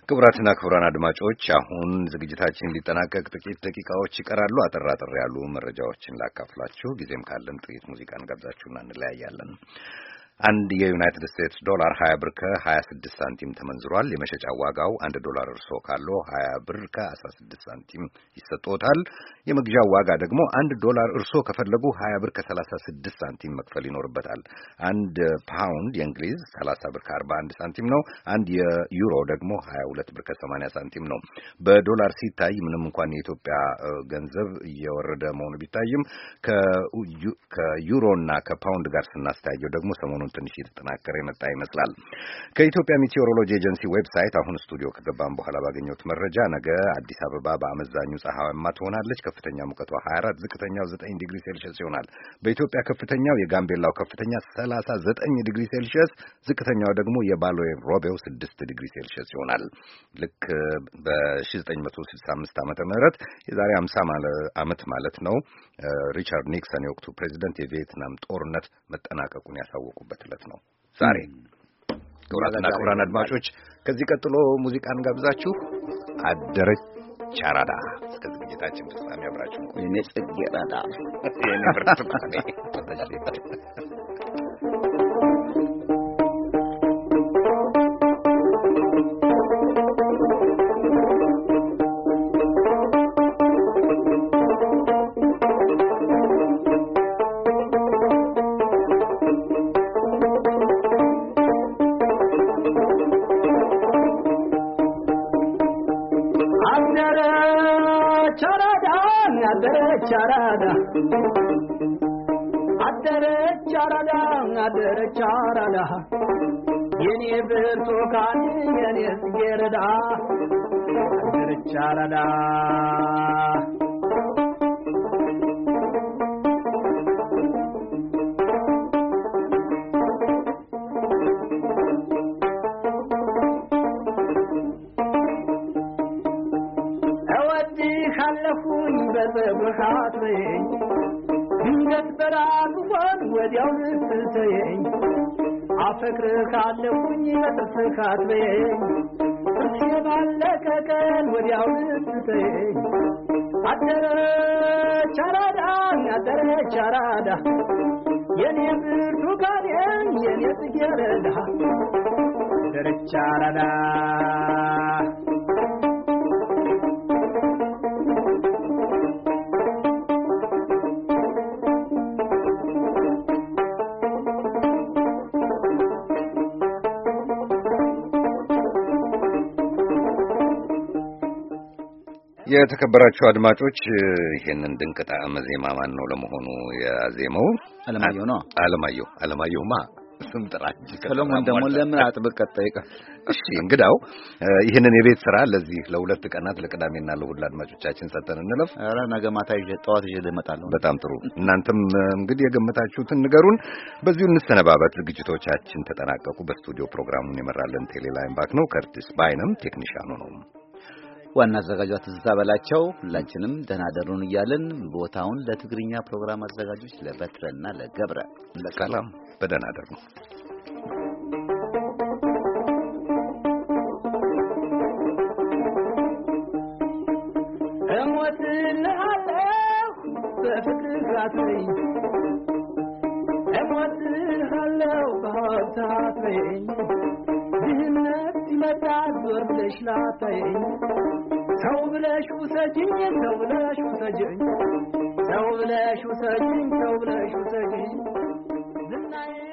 ክቡራትና ክቡራን አድማጮች አሁን ዝግጅታችን ሊጠናቀቅ ጥቂት ደቂቃዎች ይቀራሉ። አጠር አጠር ያሉ መረጃዎችን ላካፍላችሁ። ጊዜም ካለን ጥቂት ሙዚቃን ጋብዛችሁና እንለያያለን። አንድ የዩናይትድ ስቴትስ ዶላር 20 ብር ከ26 ሳንቲም ተመንዝሯል። የመሸጫ ዋጋው 1 ዶላር እርሶ ካለው 20 ብር ከ16 ሳንቲም ይሰጥዎታል። የመግዣው ዋጋ ደግሞ 1 ዶላር እርሶ ከፈለጉ 20 ብር ከ36 ሳንቲም መክፈል ይኖርበታል። አንድ ፓውንድ የእንግሊዝ 30 ብር ከ41 ሳንቲም ነው። አንድ የዩሮ ደግሞ 22 ብር ከ80 ሳንቲም ነው። በዶላር ሲታይ ምንም እንኳን የኢትዮጵያ ገንዘብ እየወረደ መሆኑ ቢታይም ከዩሮና ከፓውንድ ጋር ስናስተያየው ደግሞ ሰሞኑ አሁን ትንሽ የተጠናከረ የመጣ ይመስላል። ከኢትዮጵያ ሜቴዎሮሎጂ ኤጀንሲ ዌብሳይት አሁን ስቱዲዮ ከገባን በኋላ ባገኘሁት መረጃ ነገ አዲስ አበባ በአመዛኙ ፀሐያማ ትሆናለች። ከፍተኛ ሙቀቷ 24፣ ዝቅተኛው 9 ዲግሪ ሴልሺየስ ይሆናል። በኢትዮጵያ ከፍተኛው የጋምቤላው ከፍተኛ 39 ዲግሪ ሴልሺየስ፣ ዝቅተኛው ደግሞ የባሌ ሮቤው 6 ዲግሪ ሴልሺየስ ይሆናል። ልክ በ1965 ዓመተ ምህረት የዛሬ 50 ዓመት ማለት ነው ሪቻርድ ኒክሰን የወቅቱ ፕሬዚደንት የቪየትናም ጦርነት መጠናቀቁን ያሳወቁበት የምንጀምርበት ዕለት ነው ዛሬ። ክቡራትና ክቡራን አድማጮች ከዚህ ቀጥሎ ሙዚቃን ጋብዛችሁ አደረች አራዳ እስከ ዝግጅታችን ፍጻሜ አብራችሁ እኔ ጽጌ ብርቱካኔ ಚಾರದ አደረ ቻረዳ አደረ ቻረዳ የኔ ብርቱካን የኔ ጽጌረዳ አደረ ቻረዳ በጎሳት በየኝ ድንገት በራብ ሆን ወዲያው ልትተየኝ አፈቅር ካለሁኝ መጥፍካት በየኝ የባለቀ ቀን ወዲያው ልትተየኝ አደረች አራዳ አደረች አራዳ የኔ ብርቱካን የኔ ጽጌረዳ ደረች አራዳ የተከበራችሁ አድማጮች ይሄንን ድንቅ ጣዕመ ዜማ ማን ነው ለመሆኑ ያዜመው? አለማየሁ ነው። አለማየሁ አለማየሁማ ስም ጥራች። ሰሎሞን ደግሞ ለምን አጥብቅ ጠይቀ። እሺ እንግዳው ይህንን የቤት ስራ ለዚህ ለሁለት ቀናት ለቅዳሜና ለእሑድ አድማጮቻችን ሰጠን እንለፍ። ኧረ ነገ ማታ ይዤ ጠዋት ይዤ እመጣለሁ። በጣም ጥሩ። እናንተም እንግዲህ የገመታችሁትን ንገሩን። በዚሁ እንሰነባበት። ዝግጅቶቻችን ተጠናቀቁ። በስቱዲዮ ፕሮግራሙን የመራለን ቴሌላይን ባክ ነው። ከርቲስ ባይነም ቴክኒሻኑ ነው። ዋና አዘጋጇ ትዝታ በላቸው። ሁላችንም ደህና ደሩን እያልን ቦታውን ለትግርኛ ፕሮግራም አዘጋጆች ለበትረና ለገብረ ለቀለም በደህና ደሩ እሞትልሃለሁ በፍቅር አትለይ እሞትሃለሁ በሆታፍ ድህነት ሲመጣ ዞር ብለሽ ላታየኝ ሰው ብለሽ ውሰጅኝ ሰው ብለሽ ውሰጅኝ ሰው ብለሽ ውሰጅኝ ሰው ብለሽ ውሰጅኝ ዝናዬ